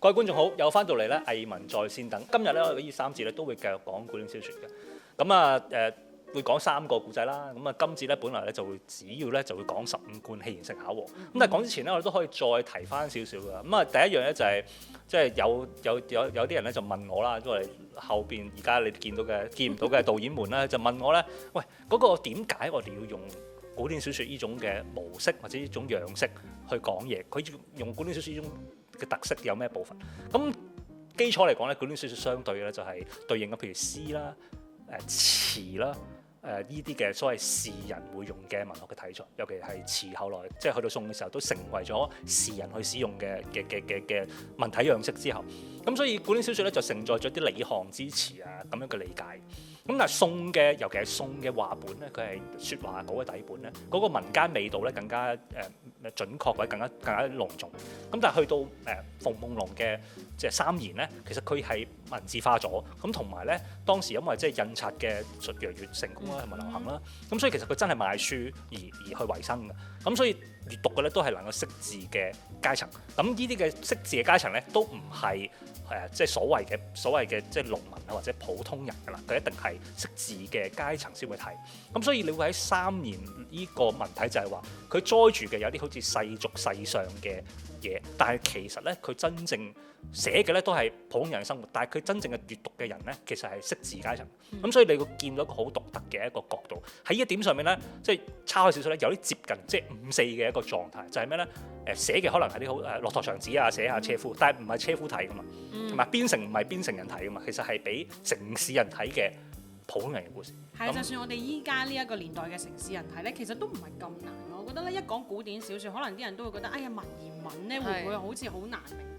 各位觀眾好，又翻到嚟咧，藝文在綫等，今日咧我哋依三節咧都會繼續講古典小說嘅，咁啊誒，呃會講三個故仔啦，咁啊今次咧本來咧就只要咧就會講十五貫，戲言成巧禍。咁但係講之前咧，我都可以再提翻少少㗎。咁啊第一樣咧就係即係有有有有啲人咧就問我啦，因為後邊而家你見到嘅見唔到嘅導演們咧就問我咧，喂嗰個點解我哋要用古典小説呢種嘅模式或者呢種樣式去講嘢？佢用古典小説呢種嘅特色有咩部分？咁基礎嚟講咧，古典小説相對咧就係對應嘅，譬如詩啦、誒詞啦。誒呢啲嘅所謂士人會用嘅文學嘅體裁，尤其係詞，後來即係去到宋嘅時候，都成為咗士人去使用嘅嘅嘅嘅嘅文體樣式之後。咁所以古典小説咧就承載咗啲理學之詞啊，咁樣嘅理解。咁但係宋嘅，尤其係宋嘅話本咧，佢係説話稿嘅底本咧，嗰、那個民間味道咧更加誒、呃、準確或者更加更加濃重。咁但係去到誒馮夢龍嘅即係三言咧，其實佢係文字化咗。咁同埋咧，當時因為即係印刷嘅術越嚟越成功啦，同埋流行啦。咁所以其實佢真係賣書而而去維生㗎。咁所以閲讀嘅咧都係能夠識字嘅階層。咁呢啲嘅識字嘅階層咧都唔係。誒、呃，即係所謂嘅所謂嘅，即係農民啊，或者普通人噶啦，佢一定係識字嘅階層先會睇。咁所以你會喺三言呢、這個文體就係話佢栽住嘅有啲好似世俗世上嘅嘢，但係其實咧，佢真正寫嘅咧都係普通人嘅生活，但係佢真正嘅閲讀嘅人咧，其實係識字階層。咁、嗯嗯、所以你會見到一個好獨特嘅一個角度。喺呢一點上面咧，即、就、係、是、差開少少咧，有啲接近即係、就是、五四嘅一個狀態，就係咩咧？誒、呃、寫嘅可能係啲好誒駱駝祥子啊，寫下車夫，嗯、但係唔係車夫睇噶嘛，同埋、嗯「邊城唔係邊城」人睇噶嘛，其實係俾城市人睇嘅普通人嘅故事。係、嗯，就算我哋依家呢一個年代嘅城市人睇咧，其實都唔係咁難。覺得咧一講古典小說，可能啲人都會覺得，哎呀文言文咧會唔會好似好難明？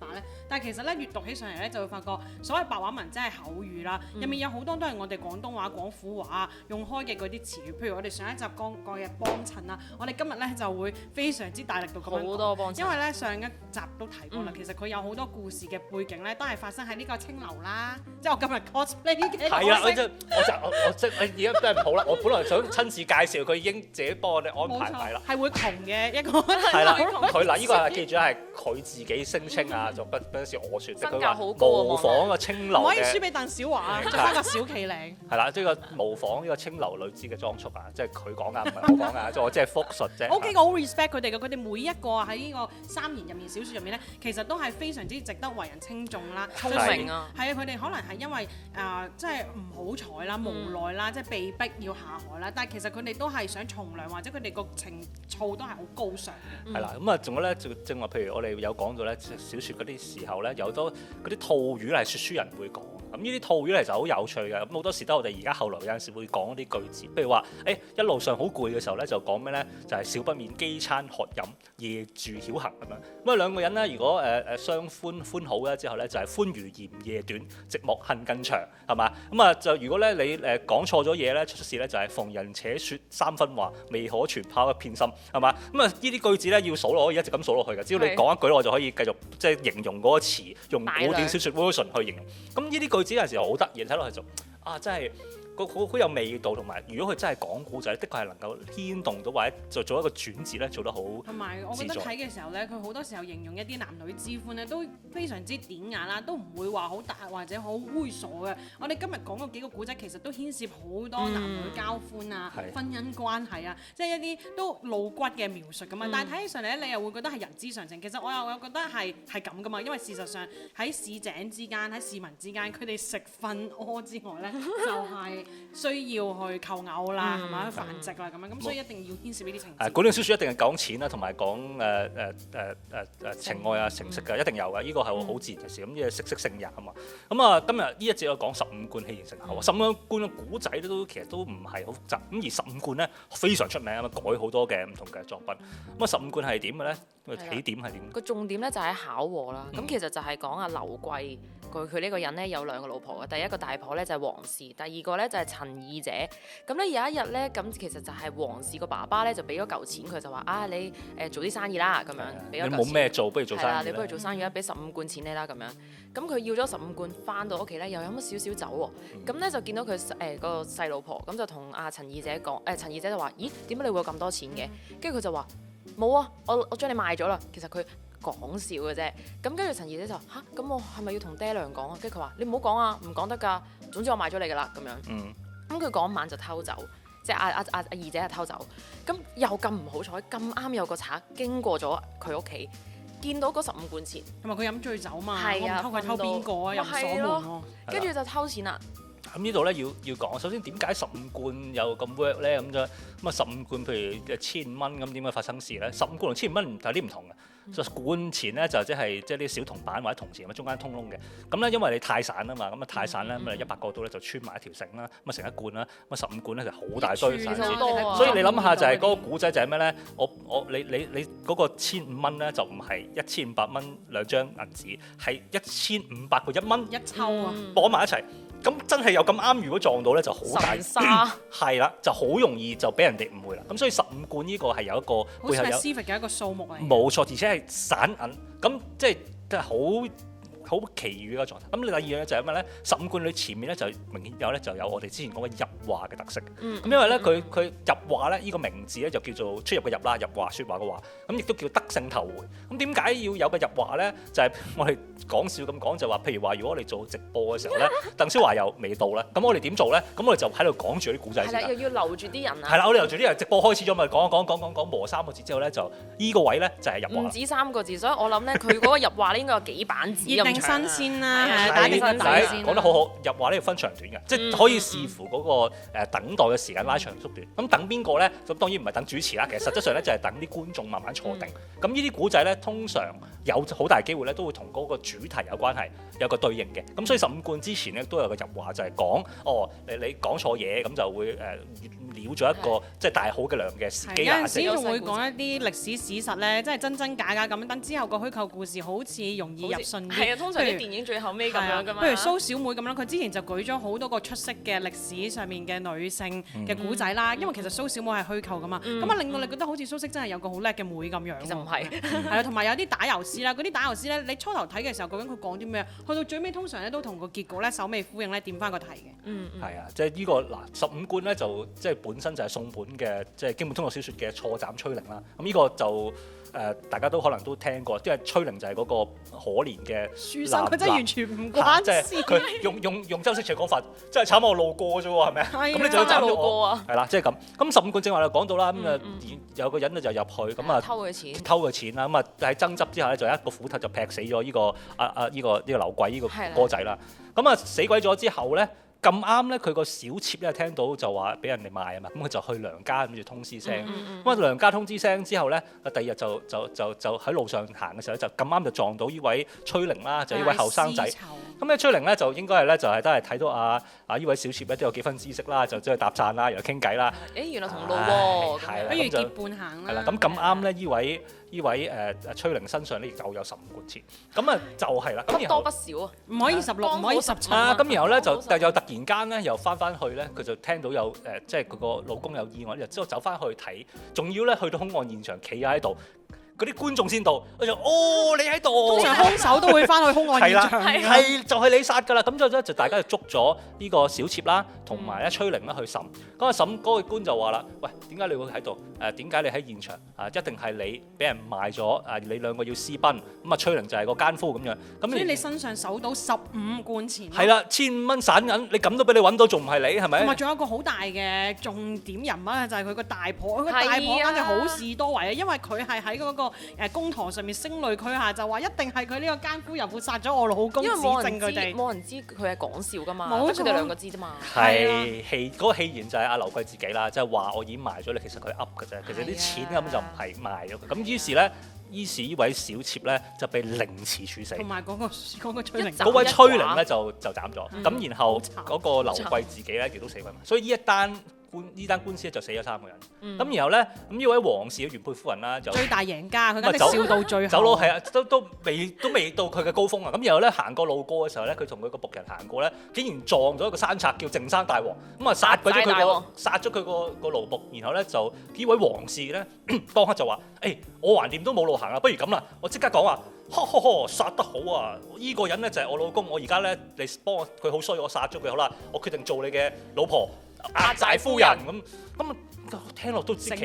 但係其實咧，閲讀起上嚟咧，就會發覺所謂白話文真係口語啦，入、嗯、面有好多都係我哋廣東話、廣府話、啊、用開嘅嗰啲詞語，譬如我哋上一集講過嘅幫襯啦，我哋今日咧就會非常之大力度咁樣講，因為咧上一集都提過啦，嗯、其實佢有好多故事嘅背景咧，都係發生喺呢個清流啦，即係我今日 cosplay 嘅，係啊，我就我就我即而家都係唔好啦，我本來想親自介紹佢，已經自己幫我哋安排埋啦錯，係了會窮嘅一個，係啦，佢嗱呢個係記住係佢自己聲稱啊。不，嗰陣時，我説的模仿個青樓，唔可以輸俾鄧小樺啊！著翻個小麒麟。係啦，即係個模仿呢個青樓女子嘅裝束啊！即係佢講啊，唔係我講啊，即係我即係復述啫。O K，我好 respect 佢哋嘅，佢哋每一個喺呢個三言入面小説入面咧，其實都係非常之值得為人稱頌啦。聰明啊！係啊，佢哋可能係因為啊，即係唔好彩啦、無奈啦，即係被逼要下海啦。但係其實佢哋都係想從良，或者佢哋個情操都係好高尚。係啦，咁啊，仲有咧，就正話，譬如我哋有講到咧，小説嗰啲，時候咧，有多啲套語咧，係說書人會講。咁、嗯、呢啲套語咧，就好有趣嘅。咁、嗯、好多時都我哋而家後來有陣時會講啲句子，譬如話，誒、哎、一路上好攰嘅時候咧，就講咩咧？就係、是、少不免饑餐渴飲，夜住曉行咁樣。咁啊、嗯、兩個人咧，如果誒誒相歡歡好咧之後咧，就係、是、歡娛嫌夜短，寂寞恨更長，係嘛？咁、嗯、啊就如果咧你誒講錯咗嘢咧出事咧，就係、是、逢人且説三分話，未可全拋一片心，係嘛？咁啊呢啲句子咧要數落，我而家一直咁數落去嘅。只要你講一句，我就可以繼續即係用嗰個詞，用古典小說 version 去形容，咁呢啲句子有陣時好得意，睇落去就啊，真係。個好好有味道，同埋，如果佢真係講古仔，的確係能夠牽動到或者就做一個轉折咧，做得好。同埋，我覺得睇嘅時候咧，佢好多時候形容一啲男女之歡咧，都非常之典雅啦，都唔會話好大或者好猥瑣嘅。我哋今日講嗰幾個古仔，其實都牽涉好多男女交歡啊、嗯、婚姻關係啊，是即係一啲都露骨嘅描述噶嘛。嗯、但係睇起上嚟，你又會覺得係人之常情。其實我又覺得係係咁噶嘛，因為事實上喺市井之間、喺市民之間，佢哋食、瞓、屙之外咧，就係、是、～ 需要去求偶啦，係嘛、嗯、繁殖啦咁、嗯、樣，咁所以一定要牽涉呢啲情誼。誒，古典小説一定係講錢啦，同埋講誒誒誒誒誒情愛啊、情色嘅，一定有嘅。呢個係好自然嘅事，咁依個食色性也啊嘛。咁啊、嗯，今日呢一節我講十五貫戲言成巧禍啊。十五貫嘅古仔咧都其實都唔係好複雜，咁而十五貫咧非常出名啊，改好多嘅唔同嘅作品。咁啊、嗯，十五貫係點嘅咧？個起點係點？個重點咧就係巧禍啦。咁、嗯、其實就係講阿劉貴，佢佢呢個人咧有兩個老婆嘅。第一個大婆咧就係黃氏，第二個咧就係陳二姐。咁咧有一日咧，咁其實就係黃氏個爸爸咧就俾咗嚿錢，佢就話啊，你誒、呃、做啲生意啦，咁樣俾對你冇咩做，不如做生意你不如做生意啦，俾十五貫錢你啦，咁樣。咁佢要咗十五貫，翻到屋企咧又飲咗少少酒喎，咁咧、嗯、就見到佢誒、呃那個細老婆，咁就同阿陳二姐講，誒、呃呃、陳二姐就話：咦，點解你會有咁多錢嘅？跟住佢就話。冇啊！我我將你賣咗啦。其實佢講笑嘅啫。咁跟住陳二姐就吓，咁、啊、我係咪要同爹娘講啊？跟住佢話：你唔好講啊，唔講得㗎。總之我賣咗你㗎啦。咁樣。嗯。咁佢嗰晚就偷走，即係阿阿阿二姐就偷走。咁又咁唔好彩，咁啱有個賊經過咗佢屋企，見到嗰十五貫錢。係咪？佢飲醉酒嘛，啊。偷佢到偷邊個啊？到又鎖門喎、啊。跟住、啊、就偷錢啦。咁呢度咧要要講，首先點解十五貫有咁 work 咧咁樣？咁啊十五貫，譬如千五蚊咁，點解發生事咧？十五貫同千五蚊有啲唔同嘅。十五貫錢咧就即係即係啲小銅板或者銅錢咁，中間通窿嘅。咁咧、嗯、因為你太散啊嘛，咁啊太散咧咁啊一百個都咧就穿埋一條繩啦，咁啊成一貫啦，咁啊十五貫咧就好大堆散錢。所以你諗下就係嗰個古仔就係咩咧？我我你你你嗰個千五蚊咧就唔係一千五百蚊兩張銀紙，係一千五百個一蚊一抽啊，綁埋一齊。咁真係有咁啱，如果撞到咧就好大，係啦沙， 就好容易就俾人哋誤會啦。咁所以十五貫呢個係有一個背後有嘅一個數目，冇錯，而且係散銀，咁即係都係好好奇異嘅一個狀態。咁、嗯嗯、第二樣咧就係咩咧？十五貫裏前面咧就明顯有咧就有我哋之前講嘅入話嘅特色。咁、嗯、因為咧佢佢入話咧呢、呢個名字咧就叫做出入嘅入啦，入話説話嘅話。咁亦都叫得勝頭回。咁點解要有個入話咧？就係、是、我哋講笑咁講，就話譬如話，如果我哋做直播嘅時候咧， 鄧小樺又未到咧，咁我哋點做咧？咁我哋就喺度講住啲古仔先。係啦，又要留住啲人啊。係啦，我哋留住啲人，直播開始咗咪講講講講講磨三個字之後咧，就依個位咧就係入話。唔止三個字，所以我諗咧佢嗰個入話咧應該有幾板字。 新鮮啦，打啲講得好好。入話呢要分長短嘅，即係可以視乎嗰個等待嘅時間拉長縮短。咁等邊個咧？咁當然唔係等主持啦。其實實質上咧就係等啲觀眾慢慢坐定。咁呢啲古仔咧通常有好大機會咧都會同嗰個主題有關係，有個對應嘅。咁所以十五貫之前咧都有個入話就係講哦，你你講錯嘢咁就會誒了咗一個即係大好嘅良嘅時機。有陣時仲會講一啲歷史事實咧，即係真真假假咁樣。等之後個虛構故事好似容易入信。通常啲電影最後尾咁如樣噶嘛，譬如蘇小妹咁啦，佢之前就舉咗好多個出色嘅歷史上面嘅女性嘅古仔啦。嗯、因為其實蘇小妹係虛構噶嘛，咁啊、嗯、令到你覺得好似蘇軾真係有個好叻嘅妹咁樣。就唔係，係啊， 同埋有啲打油詩啦，嗰啲 打油詩咧，你初頭睇嘅時候究竟佢講啲咩？去到最尾通常咧都同個結果咧首尾呼應咧點翻個題嘅、嗯。嗯，係啊，即係呢個嗱十五貫咧就即係本身就係宋本嘅即係經本通國小說京本通俗小說嘅錯斬崔寧啦。咁、這、呢個就。誒，大家都可能都聽過，即係崔寧就係嗰個可憐嘅男，書生，佢真係完全唔關，即係佢用用用周星馳嘅講法，真係慘，我路過嘅啫喎，係咪啊？咁你就要爭到過啊？係啦，即係咁。咁十五貫正話就講到啦，咁啊，有個人咧就入去，咁啊偷佢錢，偷佢錢啦，咁啊喺爭執之下咧，就一個斧頭就劈死咗呢個啊啊呢個呢個劉貴呢個哥仔啦。咁啊死鬼咗之後咧。咁啱咧，佢個小妾咧聽到就話俾人哋賣啊嘛，咁佢就去娘家諗住通知聲。咁啊、嗯，娘、嗯嗯、家通知聲之後咧，第二日就就就就喺路上行嘅時候咧，就咁啱就撞到呢位崔玲啦，就呢位後生仔。咁、哎嗯、啊，崔玲咧就應該係咧就係都係睇到啊啊呢位小妾咧都有幾分姿色啦，就即係搭訕啦，又傾偈啦。誒，原來同路喎、啊，不如結伴行啦。係啦樣，咁咁啱咧，呢位。呢位誒誒、呃、崔玲身上咧，就有十五貫錢，咁啊就係啦，多不少啊，唔可以十六，唔可以十七啊，咁然後咧就，但又突然間咧，又翻翻去咧，佢就聽到有誒、呃，即係佢個老公有意外，就之、嗯、後走翻去睇，仲要咧去到兇案現場，企喺度。嗰啲觀眾先到，我就哦，你喺度。通常兇手都會翻去兇案現場。係啦，係就係你殺㗎啦。咁之後咧就大家就捉咗呢個小妾啦，同埋咧崔玲咧去審。嗰個審嗰個官就話啦：喂，點解你會喺度？誒，點解你喺現場？啊，一定係你俾人賣咗。誒，你兩個要私奔。咁啊，崔玲就係個奸夫咁樣。咁你身上搜到十五貫錢。係啦，千五蚊散銀，你咁都俾你揾到，仲唔係你係咪？咪仲有個好大嘅重點人物就係佢個大婆，佢個大婆簡直好事多為啊，因為佢係喺嗰個。個公堂上面聲淚俱下，就話一定係佢呢個奸夫淫婦殺咗我老公，因指證佢哋。冇人知佢係講笑㗎嘛？得佢哋兩個知啫嘛。係戲嗰個戲言就係阿劉貴自己啦，就話、是、我已經賣咗你。其實佢噏㗎啫。其實啲錢根本就唔係賣咗。佢、啊。咁於是咧，於是呢是、啊、於是位小妾咧就被凌遲處死。同埋嗰個崔寧，嗰、那個、位崔寧咧就就斬咗。咁、嗯、然後嗰個劉貴自己咧亦都死埋。所以呢一單。呢單官司就死咗三個人，咁、嗯、然後咧，咁呢位王氏嘅原配夫人啦，就最大贏家，佢真係笑到最後走，走佬係啊，都都未都未到佢嘅高峰啊，咁然後咧行過路過嘅時候咧，佢同佢個僕人行過咧，竟然撞咗個山賊叫靜山大王，咁啊殺鬼咗佢個，殺咗佢個個奴僕，然後咧就位王呢位王氏咧當刻就話：，誒、哎、我橫掂都冇路行啊，不如咁啦，我即刻講話，呵呵呵，殺得好啊，呢、這個人咧就係、是、我老公，我而家咧你幫我，佢好衰，我殺咗佢好啦，我決定做你嘅老婆。壓寨夫人咁咁啊，聽落都知奇，的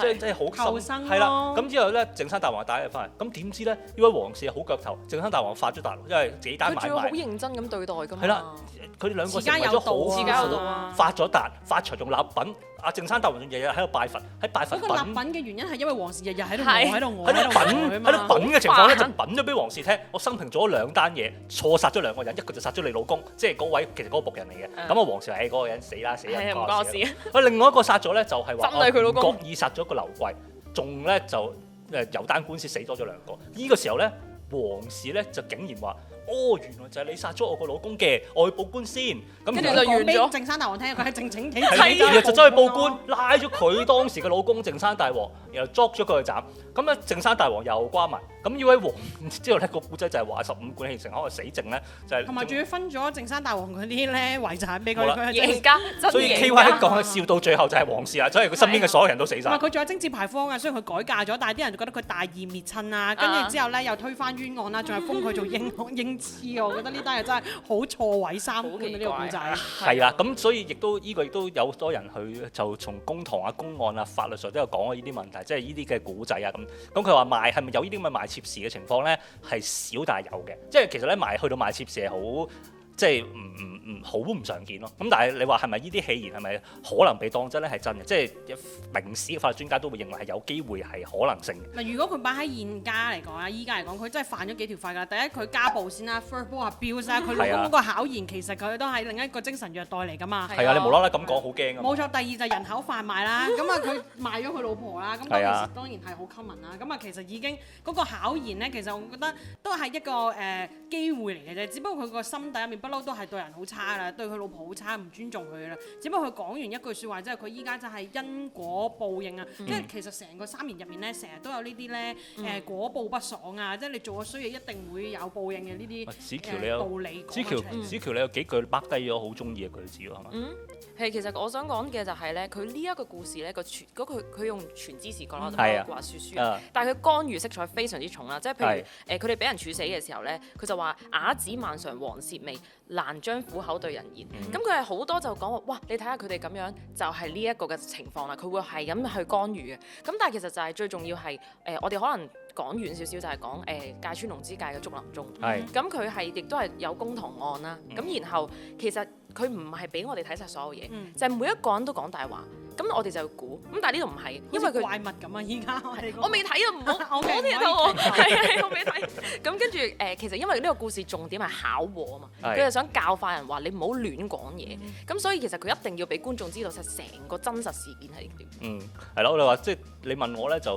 即係即係好心生，係啦。咁之後咧，靜山大王帶咗翻嚟，咁點知咧？呢位黃氏好腳頭，靜山大王發咗達，因為幾單買賣，佢好認真咁對待㗎嘛。係啦，佢哋兩個為咗好、啊有啊發，發咗達，發財仲立品。阿靜山大王日日喺度拜佛，喺拜佛。嗰個立品嘅原因係因為王氏日日喺度喺度喺度品喺度品嘅情況咧，就品咗俾王氏聽。我生平做咗兩單嘢，錯殺咗兩個人，一個就殺咗你老公，即係嗰位其實嗰個僕人嚟嘅。咁啊、嗯，王氏誒嗰、欸那個人死啦，死啦，唔關、欸、了我事。佢另外一個殺咗咧就係、是、話， 故意殺咗個劉貴，仲咧就誒有單官司死多咗兩個。呢、這個時候咧，王氏咧就竟然話。哦，原來就係你殺咗我個老公嘅，我去報官先。跟住就完咗。靜山大王聽，佢係正請起。然後就走去報官，拉咗佢當時嘅老公靜山大王，然後捉咗佢去斬。咁咧靜山大王又瓜埋。咁呢位王之後咧個古仔就係話十五貫形成一個死證咧，就係同埋仲要分咗靜山大王嗰啲咧遺產俾佢。所以 KY 講笑到最後就係王氏啊，所以佢身邊嘅所有人都死曬。唔係佢仲有貞節牌坊啊，所以佢改嫁咗，但係啲人覺得佢大義滅親啊，跟住之後咧又推翻冤案啦，仲係封佢做英雄英知 我覺得呢單嘢真係好錯位，三觀嘅呢個古仔。係 啦，咁、啊、所以亦都依、這個亦都有多人去就從公堂啊、公案啊、法律上都有講過呢啲問題，即係呢啲嘅古仔啊咁。咁佢話賣係咪有呢啲咁嘅賣妾事嘅情況咧？係少但係有嘅，即係其實咧賣去到賣妾事係好。即係唔唔唔好唔常見咯，咁但係你話係咪呢啲戲言係咪可能被當真咧？係真嘅，即係明史嘅法律專家都會認為係有機會係可能性嘅。咪如果佢擺喺現家嚟講啊，依家嚟講佢真係犯咗幾條法㗎。第一佢家暴先啦，first 波啊彪曬佢老公個考驗，其實佢都係另一個精神虐待嚟㗎嘛。係啊，你無啦啦咁講好驚㗎。冇、哦、錯，第二就人口販賣啦，咁啊佢賣咗佢老婆啦，咁佢其實當然係好 common 啦。咁啊其實已經嗰、那個考驗咧，其實我覺得都係一個誒機會嚟嘅啫，只不過佢個心底入面。不嬲都係對人好差啦，對佢老婆好差，唔尊重佢啦。只不過佢講完一句説話之後，佢依家就係因果報應啊！嗯、即係其實成個三言入面咧，成日都有呢啲咧誒果報不爽啊！即係你做咗衰嘢一定會有報應嘅呢啲道理。紫翹，啊、紫翹，嗯、紫翹，你有幾句百計咗好中意嘅句子喎？係嘛？嗯係，其實我想講嘅就係咧，佢呢一個故事咧，個全嗰佢用全知視角啦，就講話説書，嗯嗯、但係佢干預色彩非常之重啦，即係譬如誒，佢哋俾人處死嘅時候咧，佢就話：啞子漫上黃舌味，難將苦口對人言。咁佢係好多就講話，哇！你睇下佢哋咁樣，就係呢一個嘅情況啦。佢會係咁去干預嘅。咁但係其實就係最重要係誒、呃，我哋可能講遠少少就係講誒，芥川龍之介嘅竹林中。係、嗯。咁佢係亦都係有公堂案啦。咁然後其實。佢唔係俾我哋睇晒所有嘢，嗯、就係每一個人都講大話，咁我哋就要估。咁但係呢度唔係，因為佢怪物咁啊！依家我未睇啊，唔好我講呢度，係呢 Okay, 我未睇。咁跟住誒，其實因為呢個故事重點係巧禍啊嘛，佢就想教化人，你話你唔好亂講嘢。咁是、嗯、所以其實佢一定要俾觀眾知道，實成個真實事件係點、嗯呃這個。嗯，係咯，你話即係你問我咧，就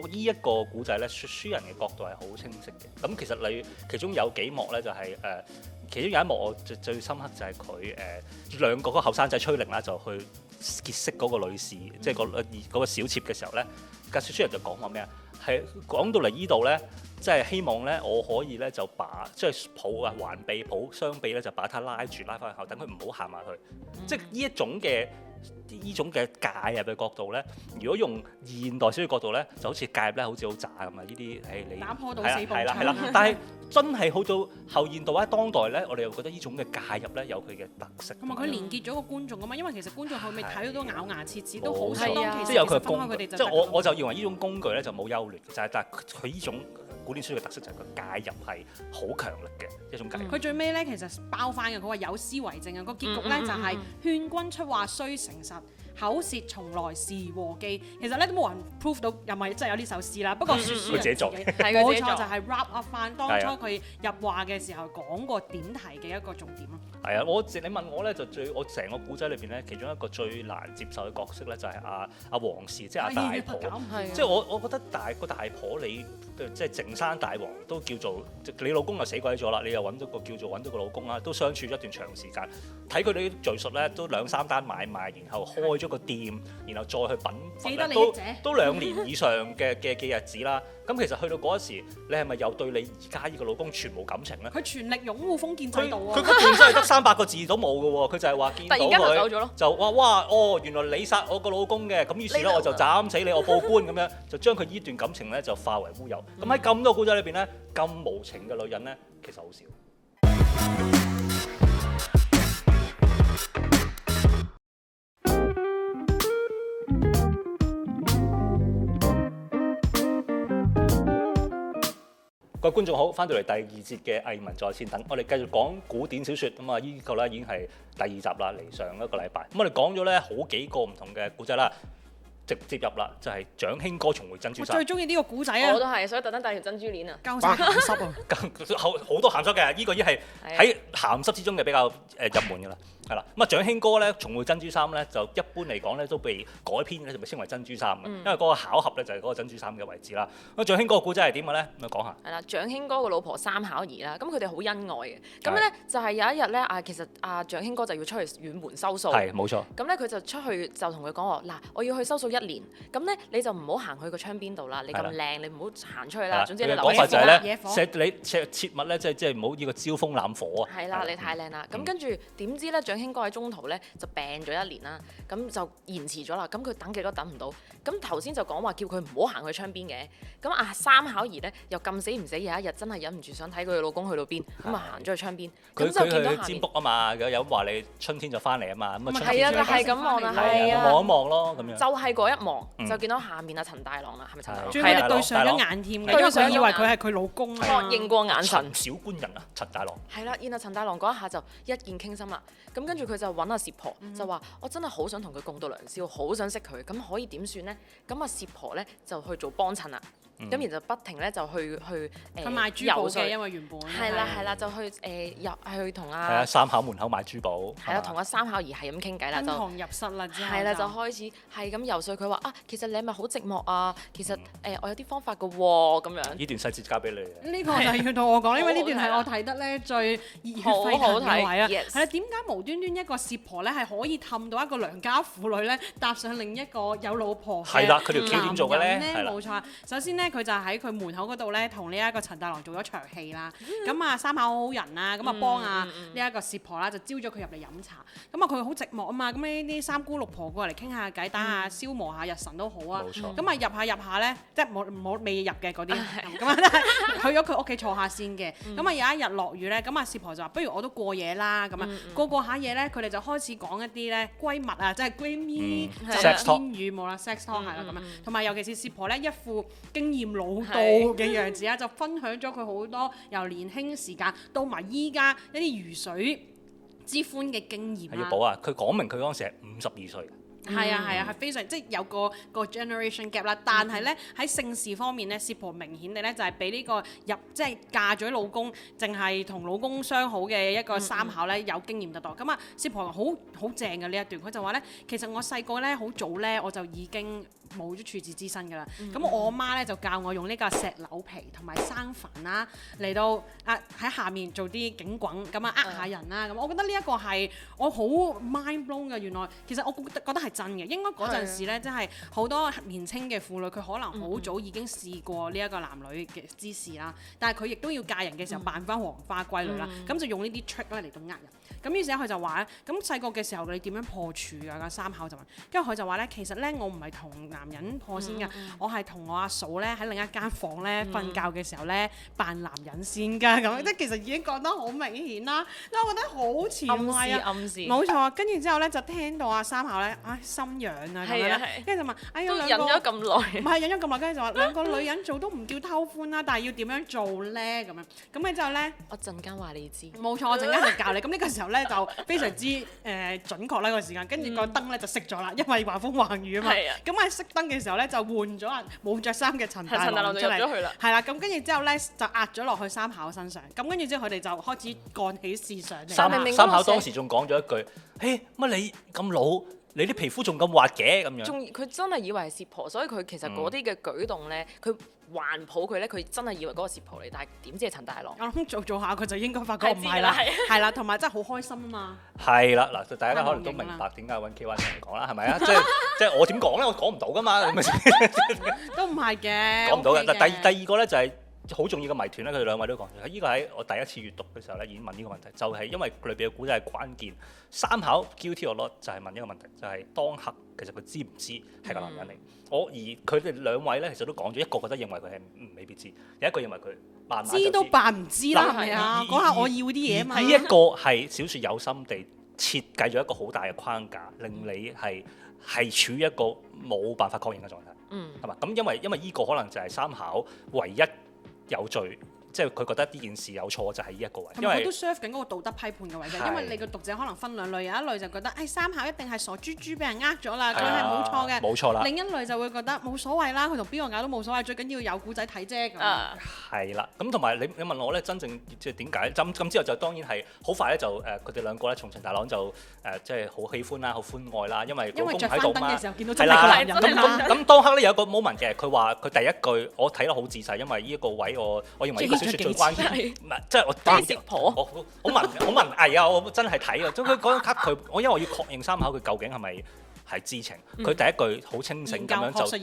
誒呢一個古仔咧，說書人嘅角度係好清晰嘅。咁其實你其中有幾幕咧，就係、是、誒。呃其中有一幕我最最深刻就係佢誒兩個嗰個後生仔崔寧啦，就去結識嗰個女士，嗯、即係、那個嗰、嗰個小妾嘅時候咧，嗰說書人就講話咩啊？係講到嚟依度咧，即係希望咧我可以咧就把即係抱啊，環臂抱雙臂咧，就把他拉住拉翻去後，等佢唔好行埋去，嗯、即係呢一種嘅。呢依種嘅介入嘅角度咧，如果用現代社會角度咧，就好似介入咧，好似好渣咁啊！呢啲係你打破到死係啦，係啦，但係真係好到後現代喺當代咧，我哋又覺得呢種嘅介入咧有佢嘅特色。同埋佢連結咗個觀眾噶嘛，因為其實觀眾後尾睇到都咬牙切齒的，都好睇啊！即係的有佢嘅工具，即係我我就認為呢種工具咧就冇優劣，就係但係佢依種。古典書嘅特色就係佢介入係好強力嘅一種介入。佢、嗯、最尾咧其實包翻嘅，佢話有詩為證啊！個結局咧、嗯嗯嗯、就係勸君出話須誠，誠實，口舌從來是禍基。其實咧都冇人 proof 到又咪真係有呢首詩啦。不過，嗯嗯嗯自己作，冇錯就係、是、wrap up 翻當初佢入話嘅時候講過點題嘅一個重點咯。係啊，我你問我咧就最我成個古仔裏邊咧，其中一個最難接受嘅角色咧就係阿阿黃氏，即係阿大婆，即係我我覺得大個大婆，你即係淨山大王都叫做，你老公又死鬼咗啦，你又揾到個叫做揾到個老公啦，都相處咗一段長時間，睇佢哋啲敘述咧都兩三單買賣，然後開咗個店，然後再去品，幾的呢都兩年以上嘅嘅嘅日子啦。咁其實去到嗰時，你係咪又對你而家呢個老公全冇感情咧？佢全力擁護封建制度啊！佢佢佢篇文係得三百個字都冇嘅喎，佢就係話見到佢就，走就哇哇哦，原來你殺我個老公嘅，咁於是咧我就斬死你，我報官咁樣就將佢依段感情咧就化為烏有。咁喺咁多古仔裏邊咧，咁無情嘅女人咧其實好少。各位觀眾好，翻到嚟第二節嘅藝文在線，等我哋繼續講古典小說咁啊，依、這個咧已經係第二集啦，嚟上一個禮拜，咁、嗯、我哋講咗咧好幾個唔同嘅古仔啦，直接入啦，就係《蔣興哥重會珍珠衫》，我最中意呢個古仔啊，我都係，所以特登帶條珍珠鏈啊，鹹濕啊，後好 多鹹濕嘅，依、這個已經係喺鹹濕之中嘅比較誒入門噶啦。 係啦，咁啊，蔣興哥咧重會珍珠衫咧，就一般嚟講咧都被改編咧，就稱為珍珠衫嘅，因為嗰個巧合咧就係嗰個珍珠衫嘅位置啦。咁蔣興哥嘅故仔係點嘅咧？咪講下。係啦，蔣興哥嘅老婆三巧兒啦，咁佢哋好恩愛嘅，咁咧就係有一日咧啊，其實啊蔣興哥就要出去遠門收數。係，冇錯。咁咧佢就出去就同佢講話，嗱，我要去收數一年，咁咧你就唔好行去個窗邊度啦，你咁靚，你唔好行出去啦，總之要留心啦，惹火。石你石切勿咧，即係即係唔好呢個招風攬火啊。係啦，你太靚啦。咁跟住點知咧？蔣興哥喺中途咧就病咗一年啦，咁就延遲咗啦。咁佢等極都等唔到，咁頭先就講話叫佢唔好行去窗邊嘅。咁阿三巧兒咧又咁死唔死，有一日真係忍唔住想睇佢老公去到邊，咁啊行咗去窗邊。佢佢佢占卜啊嘛，有有話你春天就翻嚟啊嘛，咁啊春天就翻嚟啦。望一望咯，咁樣就係嗰一望就見到下面啊陳大郎啦，係咪陳大郎？對上咗眼添。對上以為佢係佢老公，確認過眼神。小官人啊，陳大郎。係啦，然後陳大郎嗰一下就一見傾心啦，咁。跟住佢就揾阿薛婆，嗯、就話：我真係好想同佢共度良宵，好想識佢。咁可以點算呢？咁阿薛婆呢，就去做幫襯啦。咁然後不停咧就去去誒買珠寶嘅，因為原本係啦係啦，就去誒入去同啊三巧門口買珠寶，係啦，同阿三巧兒係咁傾偈啦，就入室啦，係啦，就開始係咁游說佢話啊，其實你係咪好寂寞啊？其實誒我有啲方法嘅喎，咁樣呢段細節交俾你。呢個就要同我講，因為呢段係我睇得咧最熱血沸騰嘅啊！係啦，點解無端端一個薛婆咧係可以氹到一個良家婦女咧搭上另一個有老婆係啦，佢條橋點做嘅咧？冇錯，首先佢就喺佢門口嗰度咧，同呢一個陳大郎做咗場戲啦。咁啊，三口好好人啊，咁啊幫啊呢一個蝕婆啦，就招咗佢入嚟飲茶。咁啊，佢好寂寞啊嘛。咁呢啲三姑六婆過嚟傾下偈，打下消磨下日神都好啊。咁啊入下入下咧，即係冇冇未入嘅嗰啲，咁啊去咗佢屋企坐下先嘅。咁啊有一日落雨咧，咁啊蝕婆就話：不如我都過夜啦。咁啊過過下夜咧，佢哋就開始講一啲咧閨蜜啊，即係閨蜜。石頭雨冇啦，sex talk 啦咁啊。同埋尤其是蝕婆咧，一副經，老道嘅樣子啊，是 就分享咗佢好多由年輕時間到埋依家一啲魚水之歡嘅經驗要、嗯、啊！要補啊，佢講明佢嗰陣時係五十二歲，係啊係啊，係非常即係有個個 generation gap 啦。但係咧喺性事方面咧，薛婆明顯地咧就係比呢個入即係嫁咗老公，淨係同老公相好嘅一個三巧咧有經驗得多。咁啊、嗯，薛、嗯、婆好好正嘅呢一段，佢就話咧，其實我細個咧好早咧我就已經。冇咗處子之身㗎啦，咁、嗯、我阿媽咧就教我用呢個石榴皮同埋生粉啦、啊，嚟到啊喺下面做啲警滾，咁啊呃下人啦、啊，咁、嗯、我覺得呢一個係我好 mind blown 嘅，原來其實我覺得覺得係真嘅，應該嗰陣時咧真係好多年青嘅婦女，佢可能好早已經試過呢一個男女嘅之事啦，嗯、但係佢亦都要嫁人嘅時候扮翻黃花閨女啦，咁、嗯嗯、就用呢啲 trick 咧嚟到呃人。咁於是佢就話咧，咁細個嘅時候你點樣破處啊？三巧就問，跟住佢就話咧，其實咧我唔係同男人破先㗎，我係同我阿嫂咧喺另一間房咧瞓覺嘅時候咧扮男人先㗎，咁即係其實已經講得好明顯啦。因為我覺得好似暗示暗示。冇錯。跟住之後咧就聽到阿三巧咧，唉心癢啊，跟住就問，哎呀兩個忍咗咁耐，唔係忍咗咁耐，跟住就話兩個女人做都唔叫偷歡啦，但係要點樣做咧咁樣？咁佢之後咧，我陣間話你知。冇錯，我陣間就教你。咁呢個時候咧。咧就非常之誒準確啦！嗰個時間，跟住個燈咧就熄咗啦，因為橫風橫雨啊嘛。咁喺熄燈嘅時候咧，就換咗啊冇著衫嘅陳大郎出嚟，係啦。咁跟住之後咧，就壓咗落去三巧身上。咁跟住之後，佢哋就開始幹起事上嚟。三明明三巧當時仲講咗一句，嘿乜你咁老，你啲皮膚仲咁滑嘅咁樣？仲佢真係以為係薛婆，所以佢其實嗰啲嘅舉動咧，佢。還抱佢咧，佢真係以為嗰個薛婆嚟，但係點知係陳大郎。我諗做一做下佢就應該發覺唔係啦，係啦，同埋真係好開心啊嘛。係啦，嗱，大家可能都明白點解揾 KY 人講啦，係咪啊？即係即係我點講咧？我講唔到噶嘛，咁咪 都唔係嘅。講唔到嘅嗱，okay、的第二第二個咧就係、是。好重要嘅迷團咧，佢哋兩位都講。呢個喺我第一次閲讀嘅時候咧，已經問呢個問題，就係、是、因為裏邊嘅故仔係關鍵。三考 Q T 我就係、是、問一個問題，就係、是、當刻其實佢知唔知係個男人嚟？嗯、我而佢哋兩位咧，其實都講咗一個覺得認為佢係未必知，有一個認為佢扮知都扮唔知啦，係留啊！嗰下以我要啲嘢嘛。呢一個係小説有心地設計咗一個好大嘅框架，令你係係、嗯、處於一個冇辦法確認嘅狀態。嗯，係嘛、嗯？咁因為因為呢個可能就係三考唯一有罪。即係佢覺得呢件事有錯就係呢一個位，因為都 serve 緊嗰個道德批判嘅位，因為你個讀者可能分兩類，有一類就覺得誒三巧一定係傻豬豬俾人呃咗啦，佢係冇錯嘅，冇錯啦。另一類就會覺得冇所謂啦，佢同邊個咬都冇所謂，最緊要有古仔睇啫。啊，係啦，咁同埋你你問我咧，真正即係點解？咁之後就當然係好快咧，就誒佢哋兩個咧，從陳大郎就誒即係好喜歡啦，好歡愛啦，因為因為著翻燈嘅時候見到真係個男人咁咁當刻咧有一個 moment 嘅，佢話佢第一句我睇得好仔細，因為呢一個位我我認為。最關鍵唔係，即係是是我突破，我好文好文藝啊！我真係睇啊，咁佢嗰陣刻嗰張卡佢，我因為要確認三口，佢究竟係咪係知情？佢、嗯、第一句好清醒咁教樣就對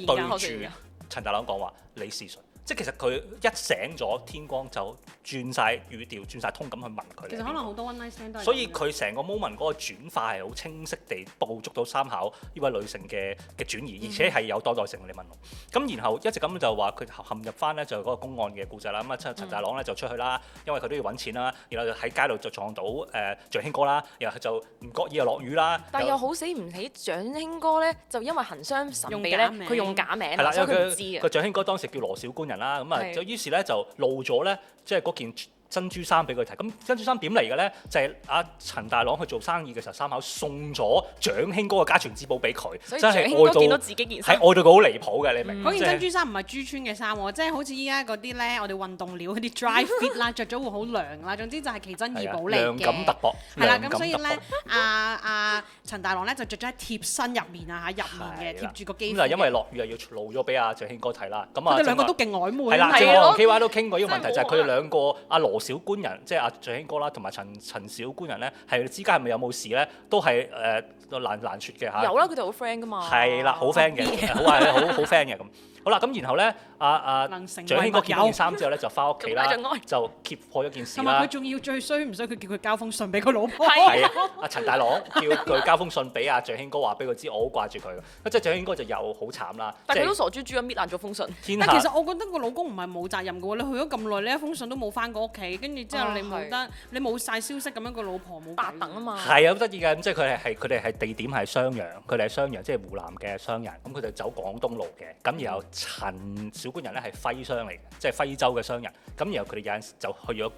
住陳大郎講話：「你是誰？」即係其實佢一醒咗天光就轉晒語調，轉晒通感去問佢。其實可能好多 one night stand 都係。所以佢成個 moment 嗰個轉化係好清晰地捕捉到三巧呢位女性嘅嘅轉移，而且係有多代性嘅。你問我，咁然後一直咁就話佢陷入翻咧就嗰、是、個公案嘅故仔啦。咁啊陳大郎咧就出去啦，嗯、因為佢都要揾錢啦。然後喺街度就撞到誒蔣興哥啦，然後就唔覺意又落雨啦。但係又好死唔起，蔣興哥咧就因為行商神秘咧，佢用假名。係啦，因為佢個蔣興哥當時叫羅小官人。啦，咁啊，就於是咧就露咗咧，即係嗰件。珍珠衫俾佢睇，咁珍珠衫點嚟嘅咧？就係阿陳大郎去做生意嘅時候，三口送咗蔣興哥嘅家傳之寶俾佢，真係愛到自己件，係愛到佢好離譜嘅，你明？嗰件珍珠衫唔係珠穿嘅衫喎，即係好似依家嗰啲咧，我哋運動料嗰啲 dry fit 啦，着咗會好涼啦。總之就係奇珍異寶嚟嘅，涼感特薄。係啦，咁所以咧，阿阿陳大郎咧就着咗喺貼身入面啊嚇，入面嘅貼住個肌膚。就因為落雨又要露咗俾阿蔣興哥睇啦，咁啊，佢哋兩個都勁曖昧。係啦，KY 都傾過呢個問題，就係佢哋兩個阿羅。小官人即係阿蔣興哥啦，同埋陳陳小官人咧，係之間係咪有冇事咧？都係誒、呃、難難說嘅嚇。有啦，佢哋好 friend 噶嘛。係啦， 好 friend 嘅， 好係好好 friend 嘅咁。 好啦，咁然後咧，阿阿蔣興哥見件衫之後咧，就翻屋企啦，就揭破咗件事啦。同埋佢仲要最衰唔衰？佢叫佢交封信俾佢老婆。係啊，阿陳大郎叫佢交封信俾阿蔣興哥，話俾佢知我好掛住佢。即係蔣興哥就又好慘啦。但係佢都傻豬豬咁搣爛咗封信。天，其實我覺得個老公唔係冇責任嘅喎，你去咗咁耐，你一封信都冇翻過屋企，跟住之後你冇得，你冇晒消息，咁樣個老婆冇白等啊嘛。係啊，好得意嘅，咁即係佢哋係佢哋係地點係襄陽，佢哋係襄陽，即係湖南嘅商人，咁佢就走廣東路嘅，咁然後。陳小官人咧係徽商嚟嘅，即係徽州嘅商人。咁然後佢哋有陣時就去咗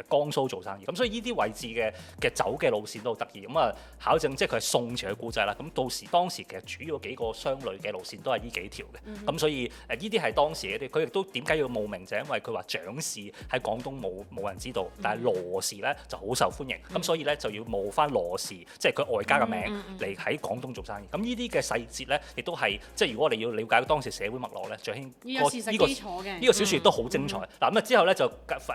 江江蘇做生意。咁、嗯、所以呢啲位置嘅嘅走嘅路線都好得意。咁、嗯、啊，考證即係佢係宋朝嘅古仔啦。咁、嗯、到時當時其實主要幾個商旅嘅路線都係呢幾條嘅。咁、嗯嗯、所以誒呢啲係當時一啲。佢亦都點解要冒名？就因為佢話蔣氏喺廣東冇冇人知道，但係羅氏咧就好受歡迎。咁、嗯嗯嗯、所以咧就要冒翻羅氏，即係佢外家嘅名嚟喺廣東做生意。咁、嗯嗯嗯、呢啲嘅細節咧，亦都係即係如果你要了解當時,當時社會。落咧，呢個呢個小說都好精彩。嗱咁啊之後咧就，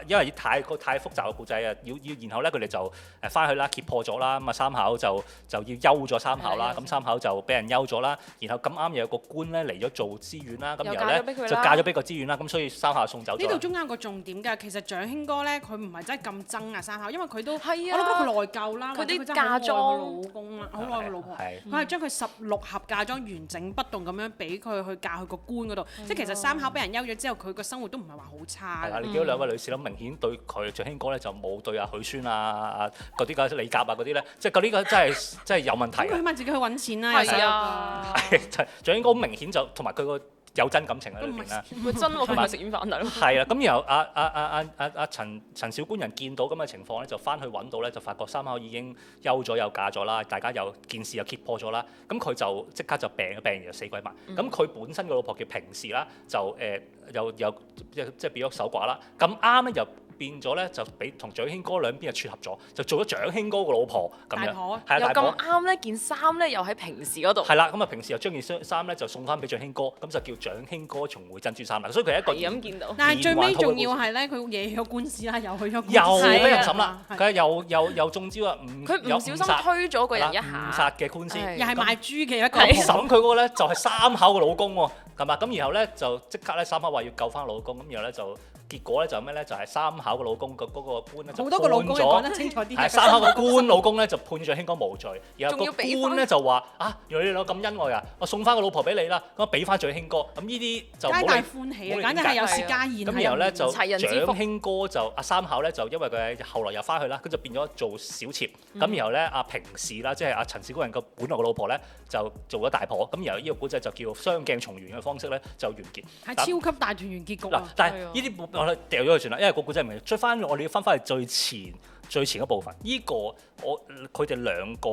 因為太太複雜嘅故仔啊，要要然後咧佢哋就誒翻去啦，揭破咗啦。咁啊三口就就要休咗三口啦。咁三口就俾人休咗啦。然後咁啱又有個官咧嚟咗做知縣啦。咁然後咧就嫁咗俾個知縣啦。咁所以三考送走。呢度中間有個重點嘅，其實蔣興哥咧佢唔係真係咁憎啊三口，因為佢都我覺得佢內疚啦。佢啲嫁妝老公啦，好愛個老婆。佢係將佢十六盒嫁妝完整不動咁樣俾佢去嫁去個官。度，即係其實三巧俾人休咗之後，佢個生活都唔係話好差。啊，你見到兩位女士咁明顯對佢，蔣興哥咧就冇對阿許宣啊、阿嗰啲嘅李甲啊嗰啲咧，即係嗰啲嘅真係真係有問題。佢起碼自己去揾錢啦，有時。係啊，係的，蔣興的 哥明顯就同埋佢個。有真感情喺裏面咧，唔係真喎，食煙犯底係啦，咁然後阿阿阿阿阿阿陳陳小官人見到咁嘅情況咧，就翻去揾到咧，就發覺三巧已經休咗又嫁咗啦，大家又件事又揭破咗啦，咁佢就即刻就病病完死鬼埋。咁佢、嗯、本身個老婆叫平氏啦，就誒又又即即變咗守寡啦。咁啱咧又。變咗咧就俾同蔣興哥兩邊就撮合咗，就做咗蔣興哥個老婆咁樣，又咁啱咧件衫咧又喺平時嗰度。係啦，咁啊平時又將件衫咧就送翻俾蔣興哥，咁就叫蔣興哥重會珍珠衫啦。所以佢一個奇咁見到。但係最尾仲要係咧，佢惹咗官司啦，又去咗又去人審啦，佢又又又中招啊！佢唔小心推咗個人一下，誤殺嘅官司，又係賣豬嘅一個審佢嗰個咧，就係三口個老公喎，係嘛？咁然後咧就即刻咧三口話要救翻老公，咁然後咧就。結果咧就咩咧就係三巧個老公個嗰個官咧就判咗，好多個老公講得清楚啲，係三巧個官老公咧就判咗興哥無罪，然後個官咧就話啊，原來你兩咁恩愛啊，我送翻個老婆俾你啦，咁啊俾翻咗興哥，咁呢啲就皆大歡喜嚟嘅簡直係有事皆宜啊！咁然後咧就蔣興哥就阿三巧咧就因為佢後來又翻去啦，咁就變咗做小妾，咁然後咧阿平氏啦，即係阿陳氏夫人個本來個老婆咧就做咗大婆，咁然後呢個古仔就叫雙鏡重圓嘅方式咧就完結，係超級大團圓結局啊！但係呢啲。掉咗佢算啦，因為個古仔唔係追翻，我哋要翻翻去最前、最前嗰部分。呢、這個我佢哋兩個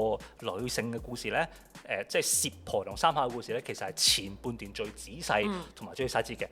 女性嘅故事咧，誒、呃，即係薛婆同三下嘅故事咧，其實係前半段最仔細同埋最細節嘅。